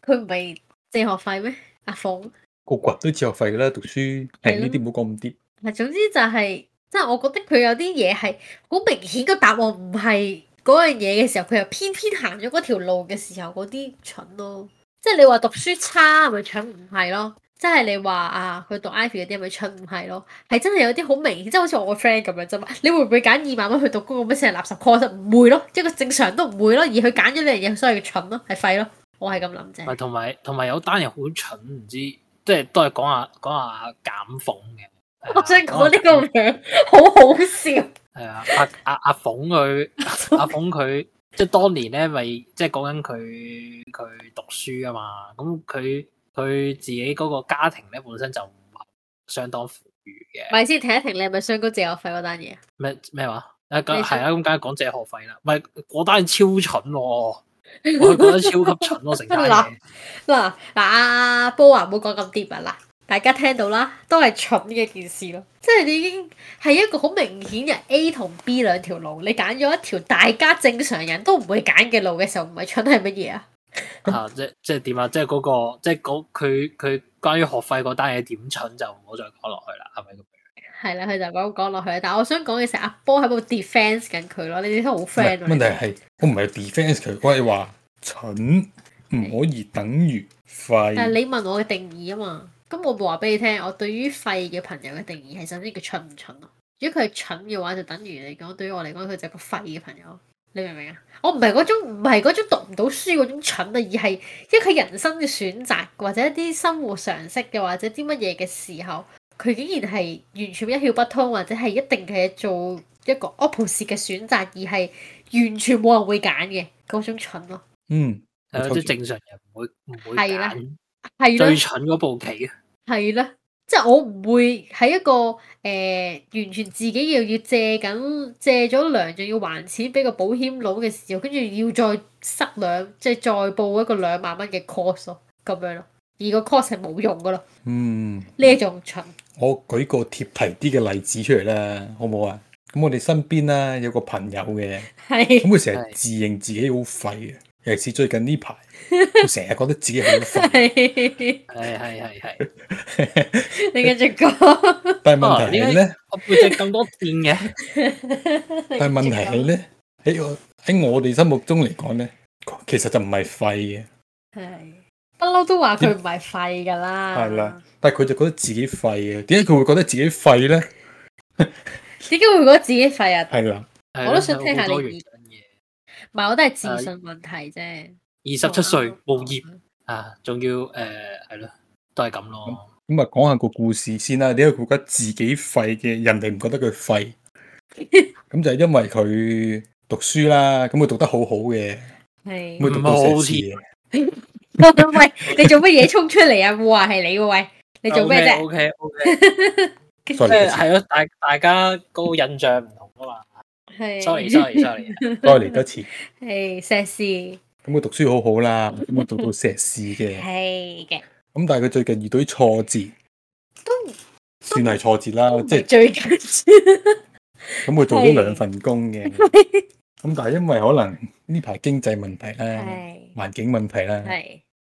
佢唔係借學費咩？阿鳳個骨都自學費噶啦，讀書係呢啲唔好講咁啲。唔係的，總之就係、是，即係我覺得佢有啲嘢係好明顯個答案唔係嗰樣嘢嘅時候，佢又偏偏行咗嗰條路嘅時候，嗰啲蠢咯。即係你話讀書差咪、就是、蠢唔係咯？即係你話啊，佢讀 Ivy 嗰啲咪蠢唔係咯？係真係有啲、就是、好明顯，即係好似我個 friend 咁樣啫嘛。你會唔會揀二萬蚊去讀公屋先係垃圾科？唔會咯，一、就、個、是、正常都唔會咯，而佢揀咗呢樣嘢，所以佢蠢咯，係廢咯。我係咁諗啫。唔係，同埋同埋有單嘢好蠢，唔知即係都係講下講下減諷嘅。我想講呢個名，好好笑、啊。係啊，阿阿阿諷佢，阿諷佢即係當年咧，咪即係講緊佢佢讀書啊嘛。咁佢佢自己嗰個家庭咧，本身就相當富裕嘅。咪先停一停，你係咪雙高借學費嗰單嘢啊？咩咩話？係啊，咁梗係講借學費啦。唔係嗰單超蠢喎、啊。我 覺得超級蠢咯、啊，成家人嗱嗱阿波啊，唔好講咁 deep 啊，嗱，大家聽到啦，都係蠢嘅一件事咯、啊，即係你已經係一個好明顯嘅 A 同 B 兩條路，你揀咗一條大家正常人都唔會揀嘅路嘅時候，唔係蠢係乜嘢啊？ 啊，即即係點啊？即係嗰、嗰個即係嗰佢佢關於學費嗰單嘢點蠢就唔好再講落去啦，係咪？係啦，佢就咁講落去啦。但係我想講嘅係阿波喺度 defence 緊佢咯，你哋都好 friend 啊。是說問題係我唔係 defence 佢，我係話的蠢唔可以等於廢。但係你問我嘅定義啊嘛，咁我冇話俾你聽，我對於廢嘅朋友嘅定義係首先叫蠢唔蠢咯。如果佢係蠢嘅話，就等於嚟講，對於我嚟講，佢就係個廢嘅朋友。你明唔明啊？我唔係嗰種唔係嗰種讀唔到書嗰種蠢啊，而係因為佢人生嘅選擇或者一啲生活常識嘅或者啲乜嘢嘅時候。佢竟然係完全一竅不通，或者係一定係做一個 opposite 嘅選擇，而係完全冇人會揀嘅嗰種蠢咯、啊。嗯，係即、嗯、正常人唔會唔的會揀，係啦，最蠢嗰部棋啊，係啦，即係、就是、我唔會喺一個誒、呃、完全自己又要借緊借咗糧，仲要還錢俾個保險佬嘅時候，跟住要再塞兩即係、就是、再報一個兩萬蚊嘅 course 咁樣咯。而個 course 係冇用噶咯，嗯，呢一種蠢。我舉個貼題啲嘅例子出嚟啦，好唔好啊？咁我哋身邊啦，有個朋友嘅，係是，咁佢成日自認自己好廢嘅，尤其是最近呢排，佢成日覺得自己係好廢，係係係係。 你繼續講。但係問題係咧，啊、我背脊咁多墊嘅。 但係問題係咧，喺我喺我哋心目中嚟講咧，其實就唔係廢嘅。係。 不嬲都話佢唔係廢噶啦，係啦，但係佢就覺得自己廢嘅，點解佢會覺得自己廢咧？點解會覺得自己廢啊？係啦，我都想聽下你意見嘅，唔係我都係自信問題啫。二十七歲無業啊，仲要誒係咯，都係咁咯。咁啊，講下個故事先啦。點解佢覺得自己廢嘅？人哋唔覺得佢廢，咁就係因為佢讀書啦，咁佢讀得好好嘅，唔係多好似。喂，你做乜嘢衝出嚟啊？哇，係你喎，喂，你做咩啫？OK OK。誒，係咯，大大家嗰個印象唔同啊嘛。係。Sorry Sorry Sorry，再嚟多次。係碩士。咁佢讀書好好啦，咁佢讀到碩士嘅。係嘅。咁但係佢最近遇到啲挫折，都算係挫折啦。即係最近。咁佢做咗兩份工嘅。咁但係因為可能呢排經濟問題啦，環境問題啦。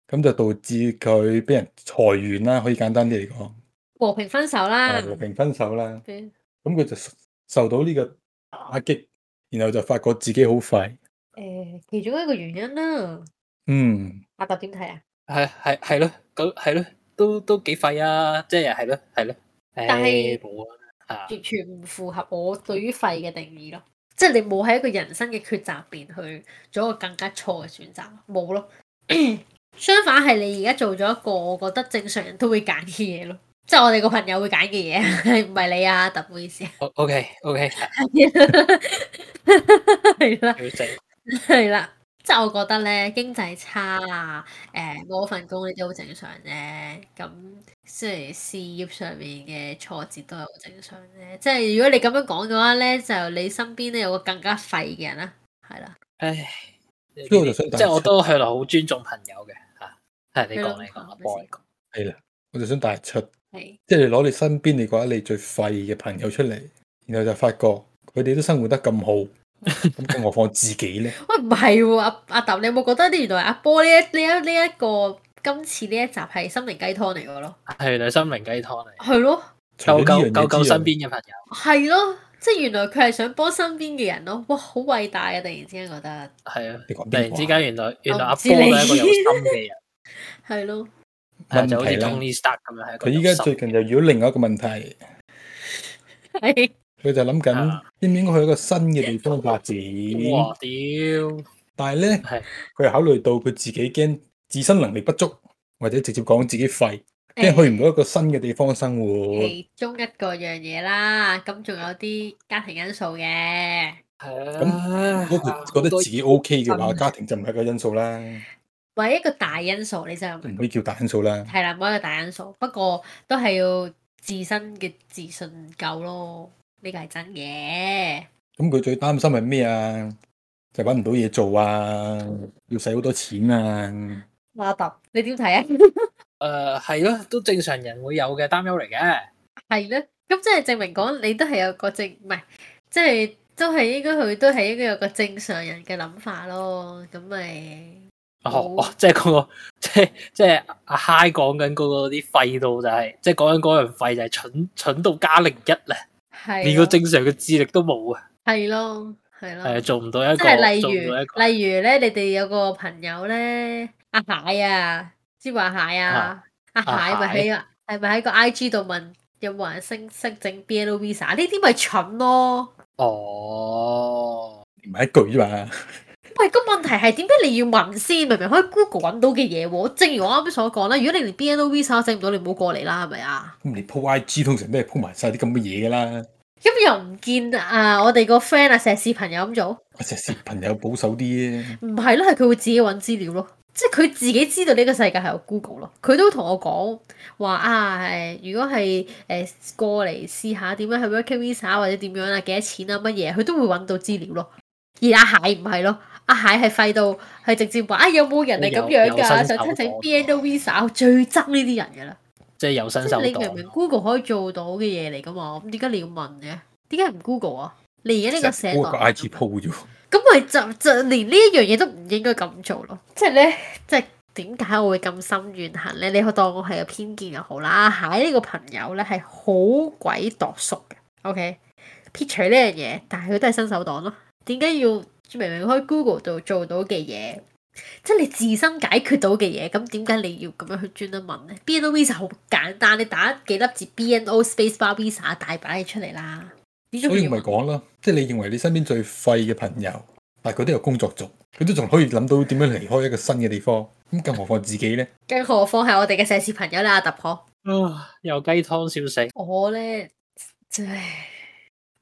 咁就導致佢俾人裁員啦，可以簡單啲嚟講，和平分手啦，和平分手啦。咁佢的就受到呢個打擊，然後就發覺自己好廢。誒、欸，其中一個原因啦、啊。嗯，阿揼點睇啊？係係係咯，咁係咯，都都幾廢啊！即係係咯係咯。但係是冇、啊、完全唔符合我對於廢嘅定義咯。即係、嗯、你冇喺一個人生嘅抉擇邊去做一個更加錯嘅選擇，冇咯。 相反係你而家做咗一個，我覺得正常人都會揀嘅嘢咯，即係我哋個朋友會揀嘅嘢，唔係你啊？特嘅意思？OK，OK，係啦，係啦 Okay, okay. 即係我覺得咧，經濟差啊，誒、欸，我份工都好正常啫。咁即係事業上面嘅挫折都係好正常啫。即係如果你咁樣講嘅話咧，就你身邊咧有個更加廢嘅人啦，係啦。唉，呢個唉你就即係你我都向來好尊重朋友嘅。係你講，你講，阿波你講。係啦，我就想帶出，的即係攞你，你身邊你覺得你最廢嘅朋友出嚟，然後就發覺佢哋都生活得咁好，咁更 何況自己咧？喂、哎，唔係喎，阿阿揼，你有冇覺得你？原來阿波呢一呢一呢一個今次呢一集係心靈雞湯嚟噶咯？係，原來心靈雞湯嚟。係咯了，救救救救身邊嘅朋友。係咯，即係原來佢係想幫身邊嘅人咯。哇，好偉大啊！突然之間覺得。係的啊，突然之間，原來原來阿波係一個有心嘅人。 係咯，問題啦。佢依家最近就遇到另外一個問題，佢就諗緊應唔應該去一個新嘅地方發展。屌！ 但係咧，佢又考慮到佢自己驚自身能力不足，或者直接講自己廢，驚去唔到一個新嘅地方生活。其中、哎哎、一個樣嘢啦，咁仲有啲家庭因素嘅。係啊，咁如果覺得自己 OK 嘅話、啊，家庭就唔係一個因素啦。唯一個大因素，你真唔可以叫大因素啦。係啦，冇一個大因素，不過都係要自身嘅自信夠咯，呢個係真嘅。咁佢最擔心係咩啊？就揾唔到嘢做啊，要使好多錢啊。阿揼，你點睇啊？誒，係咯，都正常人會有嘅擔憂嚟嘅。係咯，咁即係證明講你都係有個正，唔係即係都係應該佢都係應該有個正常人嘅諗法咯，咁咪。哦，哦，即係嗰、那個，即係即係阿嗨講緊嗰個啲廢到就係、是，即係講緊嗰樣廢就係蠢蠢到加零一咧，的連個正常嘅智力都冇啊！係咯，係咯，係做唔到一個。即例如，例如咧，你哋有個朋友咧，阿、啊、蟹啊，即話、啊、蟹啊，阿、啊、蟹咪喺、啊蟹，係咪喺個 I G 度問有冇人識識整 B L V i s a 呢啲咪蠢咯！哦，唔係一句嘛？喂，個問題係點解你要問先？明明可以 Google 揾到嘅嘢喎。正如我啱啱所講啦，如果你連 BNO visa 整唔到，你唔好過嚟啦，係咪啊？咁你鋪 IG 通常都係鋪埋晒啲咁嘅嘢噶啦。咁、嗯、又唔見啊？我哋個 friend 啊，石屎朋友咁做。我石屎朋友保守啲啫、啊。唔係啦，係佢會自己揾資料咯。即係佢自己知道呢個世界係有 Google 咯。佢都同我講話啊誒，如果係誒、呃、過嚟試下點樣去 working visa 或者點樣啊，幾多錢啊乜嘢，佢都會揾到資料咯。而阿蟹唔係咯。阿蟹係廢到，係直接話啊、哎、有冇人係咁樣㗎？想申請 BNO visa 最憎呢啲人㗎啦，即係有新手。你明明 Google 可以做到嘅嘢嚟㗎嘛？咁點解你要問嘅？點解唔 Google 啊？你而家呢個社媒 Google IG po 啫。咁咪就就，就連呢一樣嘢都唔應該咁做咯。呢即係咧，即係點解我會咁心軟行咧？你可當我係有偏見又好啦。阿蟹呢個朋友咧係好鬼度縮嘅。OK，撇除呢樣嘢，但係佢都係新手黨咯。點解要？明明開 Google 度做到嘅嘢，即係你自身解決到嘅嘢，咁點解你要咁樣去專登問咧？BNO Visa 好簡單，你打幾粒字 BNO Spacebar Visa，大把嘢出嚟啦。所以唔係講啦，即係你認為你身邊最廢嘅朋友，但係佢都有工作做，佢都仲可以諗到點樣離開一個新嘅地方，咁更何況自己咧？更何況係我哋嘅社事朋友啦，阿揼波啊，又雞湯小食。我咧真係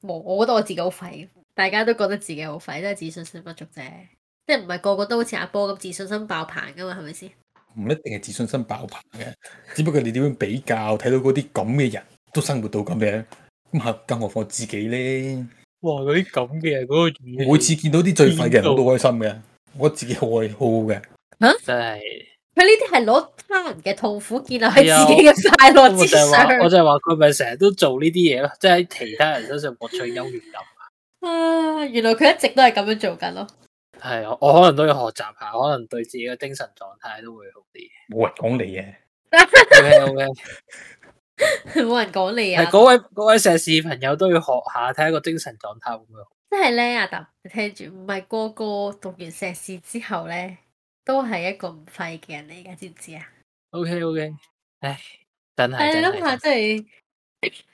冇，我覺得我自己好廢。大家都覺得自己好廢，都係自信心不足啫，即係唔係個個都好似阿波咁自信心爆棚噶嘛？係咪先？唔一定係自信心爆棚嘅，只不過你點樣比較樣，睇到嗰啲咁嘅人都生活到咁樣，咁嚇，更何況自己咧？哇！嗰啲咁嘅人嗰、嗰個，每次見到啲最廢嘅人裏都開心嘅，我自己愛好開，好嘅、啊。嚇是！真係佢呢啲係攞他人嘅痛苦建立喺自己嘅快樂之上。哎、我就係話，佢咪成日都做呢啲嘢咯，即係喺其他人身上獲取優越感。 啊！原來佢一直都係咁樣做緊咯。係我可能都要學習下，可能對自己嘅精神狀態都會好啲。冇人講你嘅。O K O K。冇人講你啊！嗰位嗰位碩士朋友都要學下，睇下個精神狀態會唔會好。真係阿揼！你聽住，唔係個個讀完碩士之後咧，都係一個唔廢嘅人你而家知唔知啊？O K O K。唉，真係。你諗下，真係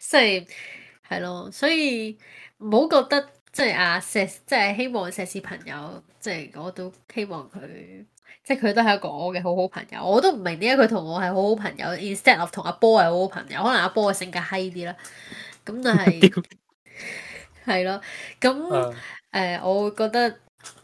真係係咯，所以。唔好覺得即係阿 Says，即係希望 Says 朋友，即係我都希望佢，即係佢都係一個我嘅好好朋友。我都唔明點解佢同我係好好朋友，instead of 同阿波係好好朋友。可能阿波嘅性格嗨啲啦。咁就係係咯。咁誒，我會覺得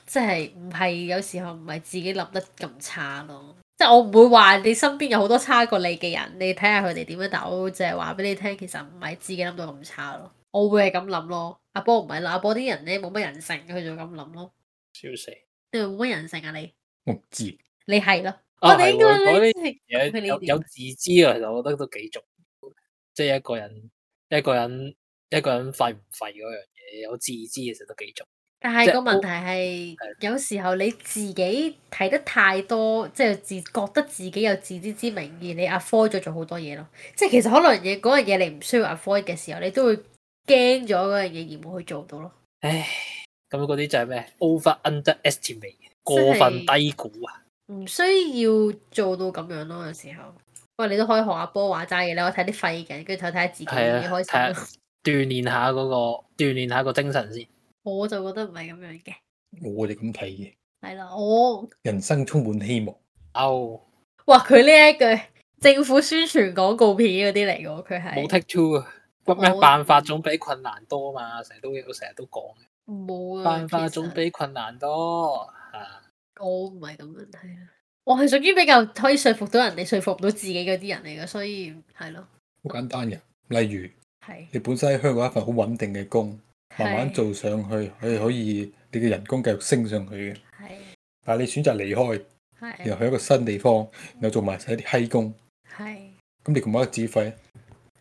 即係唔係有時候唔係自己諗得咁差咯。即係我唔會話你身邊有好多差過你嘅人，你睇下佢哋點樣。但係我就係話俾你聽，其實唔係自己諗到咁差咯。我會係咁諗咯。阿波唔係啦，阿波啲人咧，冇乜人性，佢就咁諗咯。笑死！你冇乜人性啊？我你我唔知。你係咯。我哋應該咧有有自知啊，其實我覺得都幾重要。即係一個人一個人一個人廢唔廢嗰樣嘢，有自知其實都幾重要。但係個問題係，有時候你自己睇得太多，即係自覺得自己有自知之明，而你 avoid 咗做好多嘢咯。即係其實可能嘢嗰樣嘢你唔需要 avoid 嘅時候，你都會。驚咗嗰樣嘢，而冇去做到咯，唉，咁嗰啲就係咩？over underestimate，是過分低估啊，唔需要做到咁樣咯。有時候，喂，你都可以學阿波話齋嘅，你我睇啲廢嘅，跟住睇睇下自己，自己，自己，開心鍛煉下嗰、嗰個，鍛煉下個精神先。我就覺得唔係咁樣嘅，我哋咁睇嘅。係啦，我人生充滿希望。哦，哇，佢呢一句政府宣傳廣告片嗰啲嚟嘅，佢係冇 take two 啊。乜辦法總比困難多嘛？成日都我成日都講，冇啊！辦法總比困難多實啊！我唔係咁樣睇啊！我係屬於比較可以說服到人哋，說服唔到自己嗰啲人嚟㗎，所以係咯。好、嗯、簡單嘅，例如，係是是你本身喺香港一份好穩定嘅工，慢慢做上去，誒是可以，可以你嘅人工繼續升上去嘅。係是。但係你選擇離開，然後去一個新地方，又做埋一啲閪工。係是。咁是你冚唪唥要自費，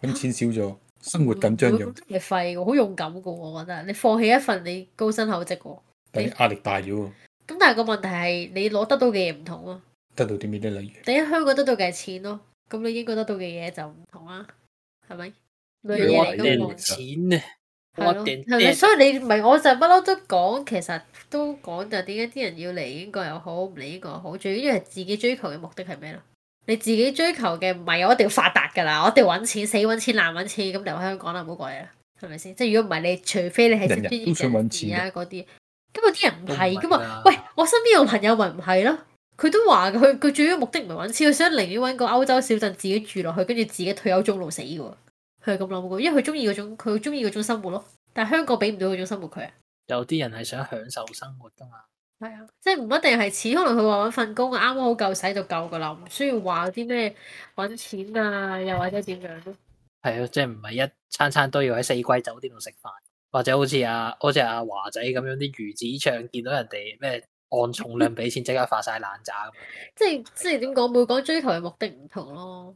咁錢少咗。啊生活緊張又，係廢好勇敢嘅喎，我覺得。覺得你放棄一份你高薪厚職喎，但係壓力大咗喎。咁但係個問題係你攞得到嘅嘢唔同啊。得到啲咩咧？例如，第一，香港得到嘅係錢咯，咁你英國得到嘅嘢就唔同啦，係咪類嘢嚟嘅？錢啊，係咯，係咪？所以你唔係我就不嬲都講，其實都講就係點解啲人要嚟英國又好，唔嚟英國又好，最緊要係自己追求嘅目的係咩咯？你自己追求嘅唔係我一定要發達噶啦，我哋揾錢死揾錢難揾錢，咁留喺香港啦，唔好過嚟啦，係咪先？即係如果唔係，你除非你係想揾錢呀，嗰啲，咁有啲人唔係噶嘛？喂，我身邊有朋友咪唔係咯，佢都話佢佢主要目的唔係揾錢，佢想寧願揾個歐洲小鎮自己住落去，跟住自己退休中路死嘅，佢係咁諗嘅，因為佢中意嗰種佢中意嗰種生活咯。但係香港俾唔到嗰種生活佢。有啲人係想享受生活噶嘛。係啊，即係唔一定係錢，可能佢話搵份工，啱啱好夠使就夠噶啦，唔需要話啲咩搵錢啊，又或者點樣咯。係啊，即係唔係一餐餐都要喺四季酒店度食飯，或者好似阿嗰隻阿華仔咁樣啲魚子醬，見到人哋咩按重量俾錢，即刻發晒爛渣。即係，係啊，即係點講，每講追求嘅目的唔同咯。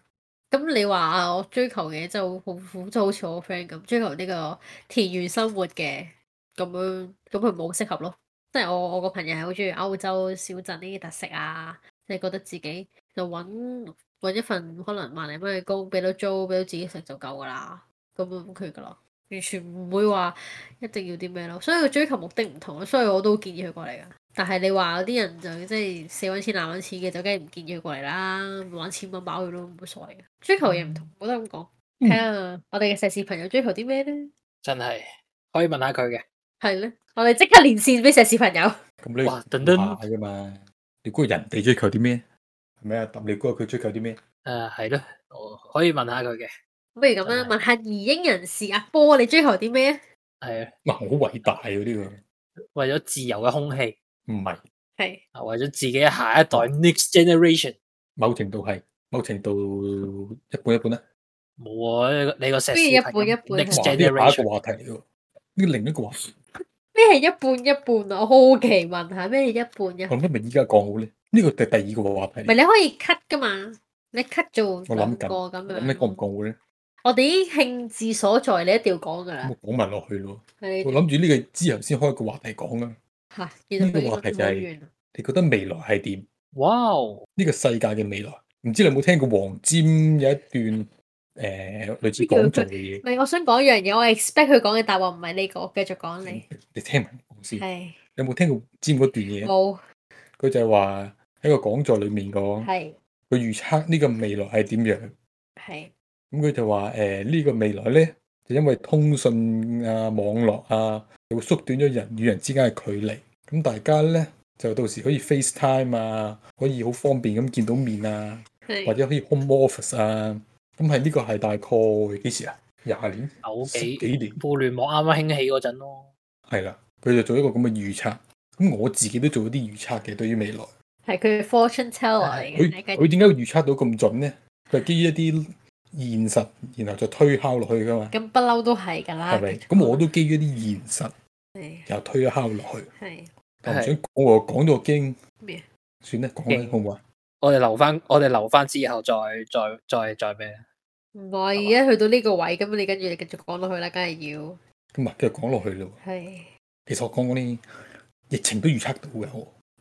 咁你話我追求嘅就好，就好似我 friend 咁追求呢個田園生活嘅咁樣，咁佢冇適合咯。即係我我個朋友係好中意歐洲小鎮呢啲特色啊，即係覺得自己就搵搵一份可能萬零蚊嘅工，俾到租，俾到自己食就夠噶啦，咁佢噶咯，完全唔會話一定要啲咩咯，所以佢追求目的唔同咯，所以我都建議佢過嚟噶。但係你話有啲人就即係死搵錢、難搵錢嘅，就梗係唔建議佢過嚟啦，咪搵錢搵飽佢都冇所謂嘅。追求嘢，唔同，我都咁講。睇下我哋嘅瑞士朋友追求啲咩呢？真係可以問下佢嘅。係咧，我哋即刻連線俾石屎朋友。咁你買嘅嘛？你估人哋追求啲咩？係咪啊？揼，你估佢追求啲咩？誒，係咯，我可以問下佢嘅。不如咁啦，問下兒英人士阿波，你追求啲咩啊？係啊，哇，好偉大嘅呢個，為咗自由嘅空氣。唔係，係啊，為咗自己下一代，next generation。某程度係，某程度一半一半啦。冇啊，你個石不如一半一半。下一個話題嚟嘅，呢個另一個話題。咩係一半一半啊！我好奇問下，咩係一半一半？我諗，一咪依家講好咧？呢個第第二個話題。唔係你可以 cut 噶嘛？你 cut 咗我諗緊咁樣。咁你講唔講好咧？我哋啲興致所在，你一定要講噶啦。冇講埋落去咯。的我諗住呢個之後先開個話題講啦。嚇、啊！呢個話題就係、是、你覺得未來係點？哇、哦！呢個世界嘅未來，唔知你有冇聽過黃霑有一段？誒、呃，類似講座嘅嘢，唔係，我想講一樣嘢，我 expect 佢講嘅答案唔係呢個，我繼續講你。講你，你聽埋先，係是有冇聽過尖嗰段嘢？冇沒，佢就係話喺個講座裏面講，係佢預測呢個未來係點樣，係咁佢就話誒，呢個未來咧，就因為通訊啊、網絡啊，就會縮短咗人與人之間嘅距離，咁大家咧就到時可以 FaceTime 啊，可以好方便咁見到面啊，是或者可以 Home Office 啊。咁係呢個係大概幾時啊？廿年、九幾幾年？互聯網啱啱興起嗰陣咯，係啦，佢就做一個咁嘅預測。咁我自己都做咗啲預測嘅，對於未來係佢 fortune teller。佢佢點解會預測到咁準咧？就基於一啲現實，然後就推敲落去噶嘛。咁不嬲都係噶啦。係咪？咁我都基於啲現實，又推敲落去。係，但唔想講講到驚咩？算啦，講啦好唔好啊？我哋留翻，我哋留翻之後再再再再咩？唔係，而家去到呢個位，咁你跟住你繼續講落去啦，梗係要。咁啊是，繼續講落去咯。係。其實我講嗰啲疫情都預測到嘅，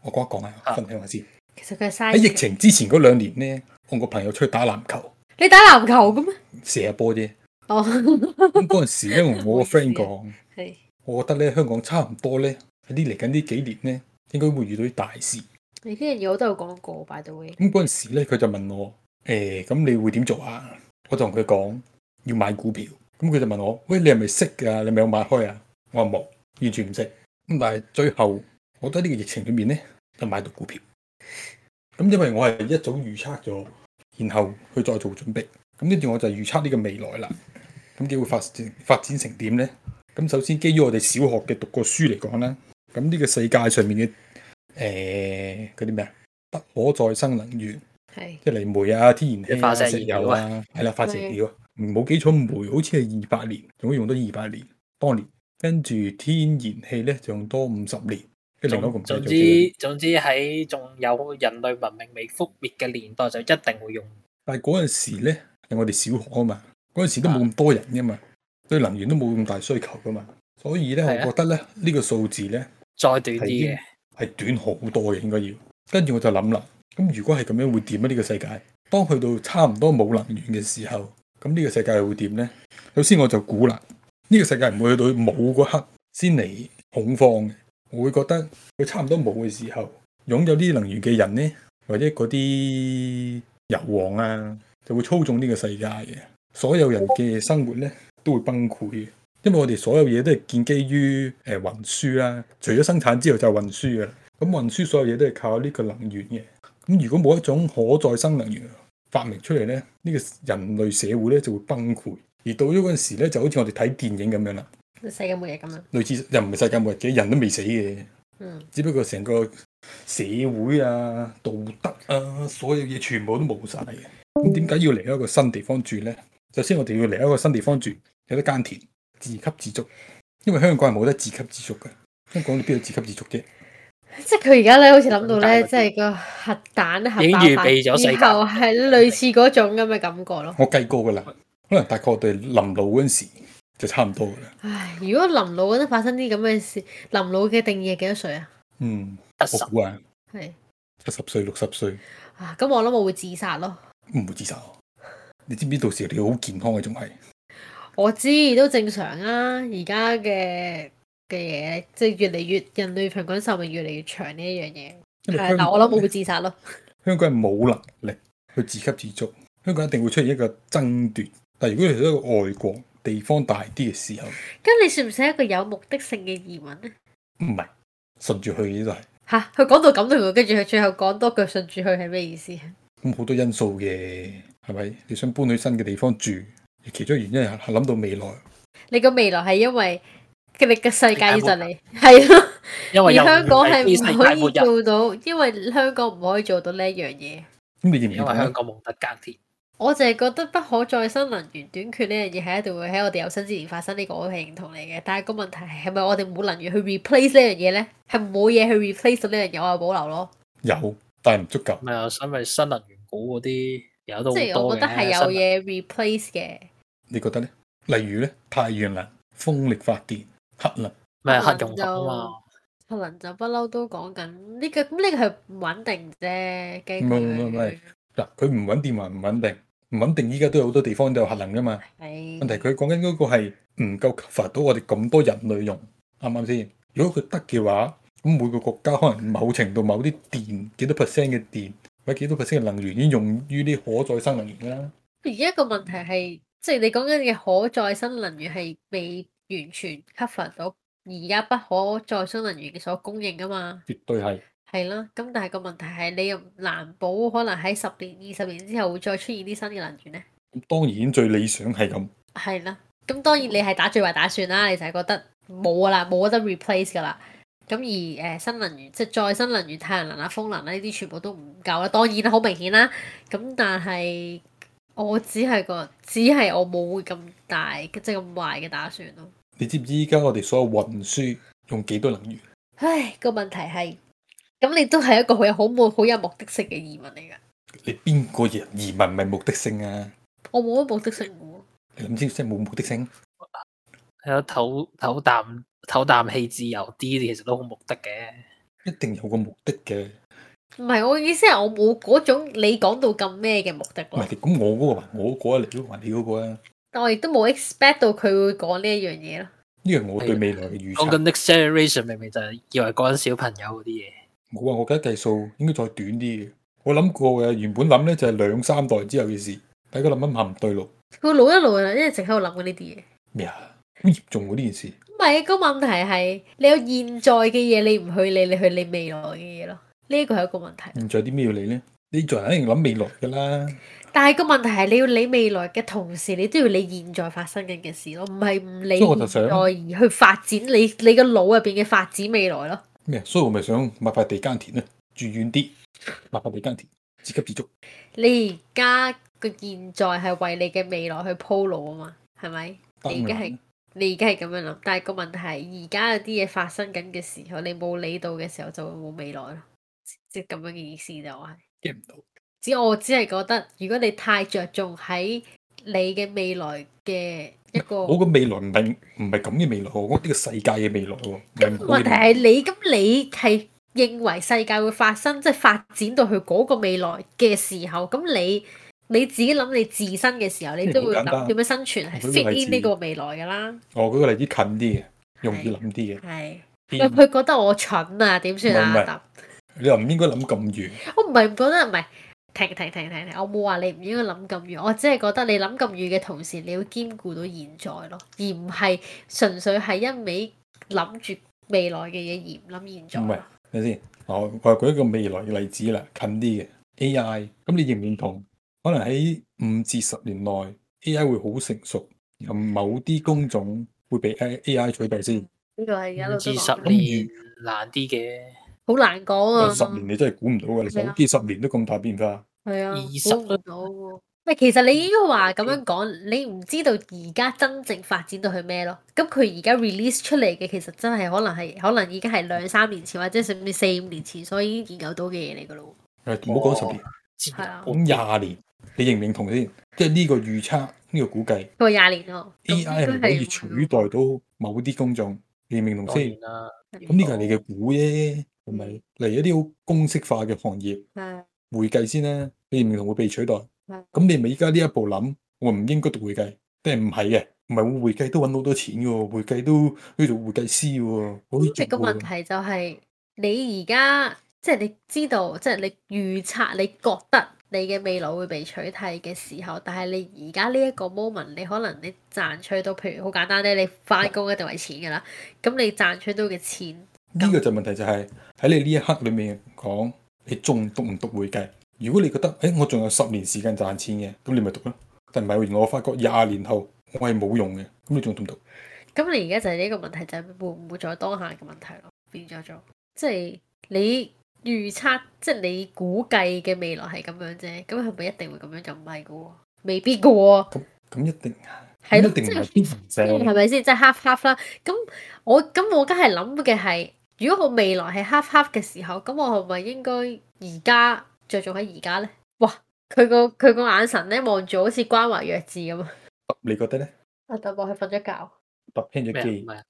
我講一講啊，分享下先。其實佢係喺疫情之前嗰兩年咧，我個朋友出去打籃球。你打籃球嘅咩？射下波啫。哦、oh。咁嗰陣時呢，因為我個 friend 講，係， 我覺得咧，香港差唔多咧，喺啲嚟緊呢幾年咧，應該會遇到啲大事。你啲人我都有講過擺到位。咁嗰陣時咧，佢就問我，誒、欸，咁你會點做啊？我同佢講，要買股票，咁佢就問我，喂，你係咪識噶？你咪有買開啊？我話冇，完全唔識。咁但係最後，我覺得呢個疫情裏面咧，就買到股票。咁因為我係一早預測咗，然後去再做準備。咁跟住我就預測呢個未來啦。咁點會發展發展成點咧？咁首先基於我哋小學嘅讀過書嚟講咧，咁呢個世界上面嘅誒啲咩啊，不可再生能源。係，即係嚟煤啊、天然氣、啊、化石油啊，係啦、啊，化石料、啊，冇的基礎煤好似係二百年，仲可以用到二百年，當年，跟住天然氣咧，就用多五十年，跟住都咁少。總之，總之，喺仲有人類文明未覆滅嘅年代，就一定會用。但係嗰陣時咧，係我哋小學啊嘛，嗰陣時都冇咁多人噶嘛，對、嗯、能源都冇咁大需求噶嘛，所以咧，我覺得咧，的個數呢個數字咧，再短啲嘅，係短好多嘅，應該要。跟住我就諗啦。咁如果係咁樣，會點啊？呢、這個世界當去到差唔多冇能源嘅時候，咁、這、呢個世界係會點呢？首先我就估啦，呢、這個世界唔會去到冇嗰刻先嚟恐慌嘅。我會覺得佢差唔多冇嘅時候，擁有啲能源嘅人呢，或者嗰啲油王啊，就會操縱呢個世界嘅所有人嘅生活呢，都會崩潰嘅，因為我哋所有嘢都係建基於誒運輸啦。除咗生產之後就運輸嘅，咁運輸所有嘢都係靠呢個能源嘅。咁如果冇一種可再生能源發明出嚟咧，呢、這個人類社會咧就會崩潰。而到咗嗰陣時咧，就好似我哋睇電影咁樣啦。世界末日咁啊？類似又唔係世界末日嘅，人都未死嘅。嗯、只不過成個社會啊、道德啊，所有嘢全部都冇晒嘅。咁點解要嚟一個新地方住咧？首先我哋要嚟一個新地方住，有得耕田，自給自足。因為香港係冇得自給自足嘅，香港你邊度自給自足啫？即係佢而家咧，好似諗到咧，即係個核彈核爆，然後係類似嗰種咁嘅感覺咯。我計過噶啦，可能大概我哋臨老嗰陣時就差唔多噶啦。唉，如果臨老嗰陣發生啲咁嘅事，臨老嘅定義係幾多歲啊？嗯，我估啊，係七十歲、六十歲啊。咁我諗我會自殺咯。唔會自殺，你知唔知？到時你好健康嘅仲係。我知都正常啊，而家嘅。嘅嘢，即係越嚟越，人類平均壽命越嚟越長呢一樣嘢。但、啊、我諗冇自殺咯。香港人冇能力去自給自足，香港一定會出現一個爭奪。但如果嚟到一個外國地方大啲嘅時候，咁你算唔算一個有目的性嘅移民呢？咧？唔係，順住去都係。吓，佢講到咁，佢咪跟住佢最後講多句順住去係咩意思？咁好多因素嘅，係咪？你想搬去新嘅地方住，其中原因係諗到未來。你個未來係因為？佢哋嘅世界現實嚟，係咯。而香港係唔可以做到，因為香港唔可以做到呢一樣嘢。咁你認唔認？因為香港冇得隔鐵。我就係覺得不可再生能源短缺呢樣嘢係一定會喺我哋有生之年發生呢個，我係認同嚟嘅。但係個問題係咪我哋冇能源去 replace 呢樣嘢咧？係冇嘢去 replace 到呢樣嘢我保留咯，有，但係唔足夠啦。因為新能源股嗰啲有，都即係我覺得係有嘢 replace 嘅。你覺得咧？例如咧，太陽能、風力發電。核能咪核融合嘛，核能就，核能就、這個這個、不嬲都講緊呢個咁呢個係唔穩定啫，驚佢。唔唔唔，嗱，佢唔穩定還唔穩定，唔穩定依家都有好多地方都有核能噶嘛。係是。問題佢講緊嗰個係唔夠發到我哋咁多人類用，啱唔啱先？如果佢得嘅話，咁每個國家可能某程度某啲電幾多 percent 嘅電，或者幾多 percent 嘅能源已經用於啲可再生能源啦。而家個問題係，即係你講緊嘅可再生能源係未。完全 cover 到而家不可再生能源嘅所供應啊嘛，絕對係係啦。咁但係個問題係你又難保可能喺十年、二十年之後會再出現啲新嘅能源呢。當然最理想係咁係啦。咁當然你係打最壞打算啦，你就係覺得冇㗎啦，冇得 replace 㗎啦。咁而誒新能源即係再生能源、太陽能啊、風能啦，呢啲全部都唔夠啦。當然啦，好明顯啦。咁但係我只係個只係我冇會咁大即係咁壞嘅打算咯。你知唔知依家我哋所有運輸用幾多能源？唉，個問題係咁，你都係一個好有好冇好有目的性嘅移民嚟噶。你邊個人移民唔係目的性啊？我冇乜目的性。你唔知即係冇目的性？係啊，唞唞啖唞啖氣，自由啲，其實都好目的嘅。一定有個目的嘅。唔係，我嘅意思係我冇嗰種你講到咁咩嘅目的啩？唔係，咁我嗰個話，我嗰個嚟都話你嗰個啊。但我亦都冇 expect 到佢會講呢一樣嘢咯。呢樣我對未來嘅預想，講緊 acceleration，明明就係以為講緊小朋友嗰啲嘢。冇啊，我覺得計數，應該再短啲嘅。我諗過嘅，原本諗咧就係兩三代之後嘅事。大家諗一諗，唔對路。佢老一老啦，因為一直喺度諗緊呢啲嘢。咩啊？好嚴重喎！呢件事。唔係啊，個問題係你有現在嘅嘢，你唔去理，你去理未來嘅嘢咯。呢個係一個問題。現在有啲咩要理咧？你做人肯定諗未來噶啦，但係個問題係你要理未來嘅同時，你都要理現在發生緊嘅事咯，唔係唔理我想現在而去發展你你個腦入邊嘅發展未來咯。咩？所以我咪想買塊地耕田啦，住遠啲，買塊地耕田自給自足。你而家個現在係為你嘅未來去鋪路啊嘛，係咪然？你而家係你而家係咁樣諗，但係個問題係而家有啲嘢發生緊嘅時候，你冇理到嘅時候，就會冇未來咯，即係咁樣嘅意思就係、是。只我只係覺得，如果你太着重喺你嘅未來嘅一個，我個未來唔係唔係咁嘅未來，我呢個世界嘅未來喎。咁問題係你，咁你係認為世界會發生，即係發展到去嗰個未來嘅時候，咁你你自己諗你自身嘅時候，你都會諗點樣生存，係 fit in 呢個未來噶啦。我舉、哦嗰個例子近啲嘅，容易諗啲嘅係。佢哪覺得我蠢啊，點算啊，是你又唔應該諗咁遠。我唔係唔覺得唔係停停停停停，我冇話你唔應該諗咁遠。我只係覺得你諗咁遠嘅同時，你要兼顧到現在咯，而唔係純粹係一味諗住未來嘅嘢而唔諗現在。唔係，睇先。我我舉一個未來嘅例子啦，近啲嘅 AI。咁你認唔認同？可能喺五至十年內，AI 會好成熟，有某啲工種會畀 AI 取代先。呢個係而家都講緊。五至十年難啲嘅。好難講啊！十年你真係估唔到噶，啊、你手機十年都咁大變化，係啊，廿年，估唔到。喂，其實你應該話咁樣講，你唔知道而家真正發展到去咩咯？咁佢而家 release 出嚟嘅，其實真係可能係可能已經係兩三年前或者甚至四五年前，年前所以已經見到到嘅嘢嚟噶咯。唔好講十年，係講廿年，你認唔認同先？即係呢個預測，呢個估計，我廿年咯，AI 係唔可以取代到某啲工種，你認唔認同先？咁呢個係你嘅估啫。同埋嚟一啲好公式化嘅行業，係會的計先咧，你唔同會被取代。咁，的你咪依家呢一步諗，我唔應該讀會計，定唔係嘅？唔係我會計都搵好多錢喎，會計都去做會計師喎。咁，即係個問題就係、是、你而家即係你知道，即係你預測你覺得你嘅未來會被取代嘅時候，但係你而家呢一個 moment，你可能你賺取到，譬如好簡單咧，你翻工一定係錢噶啦，咁的你賺取到嘅錢。呢個就問題就係喺你呢一刻裏面講，你仲讀唔讀會計？如果你覺得誒，我仲有十年時間賺錢嘅，咁你咪讀咯。但唔係，我發覺廿年後我係冇用嘅，咁你仲讀唔讀？咁你而家就係呢個問題，就係會唔會再當下嘅問題咯？變咗咗，即係你預測，即係你估計嘅未來係咁樣啫。咁係咪一定會咁樣？就唔係㗎喎，未必㗎喎。咁咁一定係一定係編程者，係咪先？即係 Half Half 啦。咁我咁我梗係諗嘅係。如果我未來係黑黑嘅時候，咁我係咪應該而家着重喺而家咧？哇！佢個佢個眼神咧望住好似關懷弱智咁。你覺得咧？阿揼博去瞓咗覺。讀偏咗記，啊！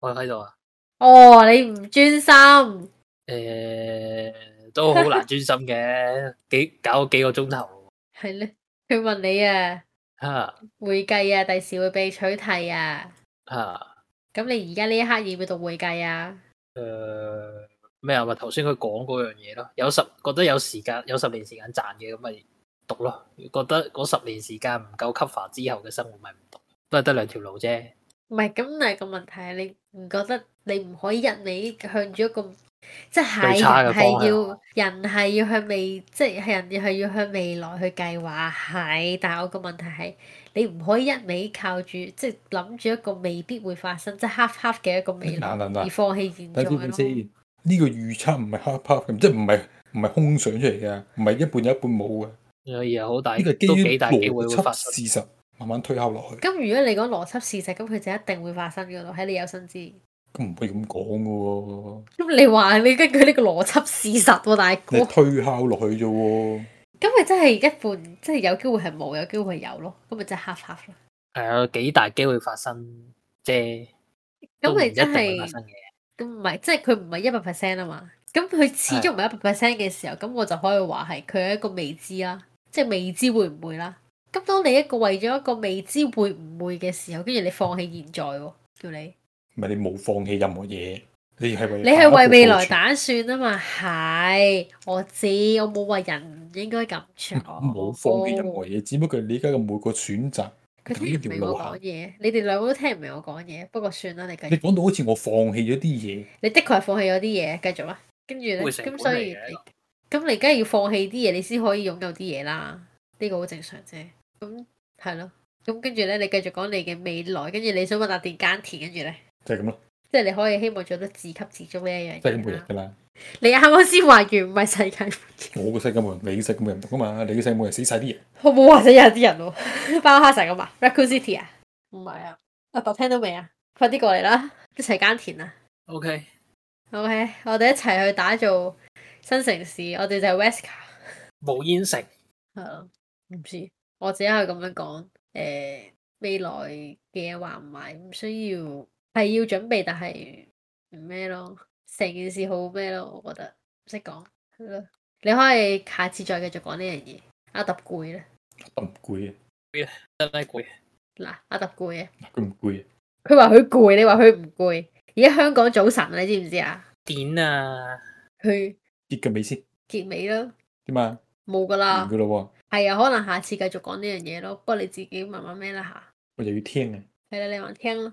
我喺度啊。哦，你唔專心。誒，都好難專心嘅， 幾搞咗幾個鐘頭。係咧，佢問你啊。吓哈。會計啊，第時會被取締啊。吓哈。咁你而家呢一刻要唔要讀會計啊？誒咩啊？咪頭先佢講嗰樣嘢咯，有十覺得有時間有十年時間賺嘅咁咪讀咯，覺得嗰十年時間唔夠 cover 之後嘅生活咪唔讀，都係得兩條路啫。唔係，咁另一個問題係你唔覺得你唔可以一味向住一個即係係要人係要向未即係人哋係要向未來去計劃係，但係我個問題係。你唔可以一味靠住，即係諗住一個未必會發生，即係 Half Half 嘅一個未來，哎、而放棄現在先，呢個預測唔係 Half Half 嘅，即係唔係唔係空想出嚟嘅，唔係一半有一半冇嘅。又係好大，呢 個基於邏輯事實慢慢推敲落去。咁如果你講邏輯事實，咁佢就一定會發生噶咯，喺你有生之年。哦，唔可以咁講噶喎。咁你話你根據呢個邏輯事實喎，大哥。你推敲落去啫喎。咁咪真係一半，真係有機會係冇，有機會係有咯。咁咪真係 Half Half 咯。係啊，幾大機會發生啫？咁咪真係都唔係，即係佢唔係一百 percent 啊嘛。咁佢始終唔係一百 percent 嘅時候，咁的我就可以話係佢係一個未知啦，即係未知會唔會啦。咁當你一個為咗一個未知會唔會嘅時候，跟住你放棄現在喎，叫你咪你冇放棄任何嘢。你係為，為未來打算啊嘛，係我知，我冇話人應該咁做。冇放棄任何嘢，只不過你而家嘅每個選擇。佢聽唔明我講嘢，你哋兩個都聽唔明我講嘢。不過算啦，你繼續。你講到好似我放棄咗啲嘢。你的確係放棄咗啲嘢，繼續啦、啊。跟住咧，咁所以，咁你梗係要放棄啲嘢，你先可以擁有啲嘢啦。呢、呢個好正常啫。咁係咯，咁跟住咧，你繼續講你嘅未來，跟住你想揾搭電耕田，跟住咧就係咁咯。即係你可以希望做得自給自足呢一樣嘢，即係冇人噶啦。你啱啱先話完唔係世界冇 我個世界冇人，你個世界冇人讀嘛？你個世界冇人死晒啲人，人我冇話死有啲人喎。 包黑成咁啊？Raccoon City 啊？唔係啊？阿、啊、爸聽到未啊？快啲過嚟啦！一齊耕田啊 OK OK，我哋一齊去打造新城市。我哋就 Westcar 冇煙城，係咯？唔、 嗯、知我自己係咁樣講誒、呃，未來嘅嘢話唔埋，唔需要。係要準備，但係唔咩咯？成件事好咩咯？我覺得唔識講，係咯。你可以下次再繼續講呢樣嘢。阿揼攰啦，攰啊，真係攰。嗱，阿揼攰啊，佢唔攰啊。佢話佢攰，你話佢唔攰。而家香港早晨啊，你知唔知啊？點啊？去結尾先，結尾啦。點啊？冇噶啦，完噶咯。係啊，可能下次繼續講呢樣嘢咯。不過你自己慢慢咩啦吓。我就要聽啊。係啦，你話聽咯。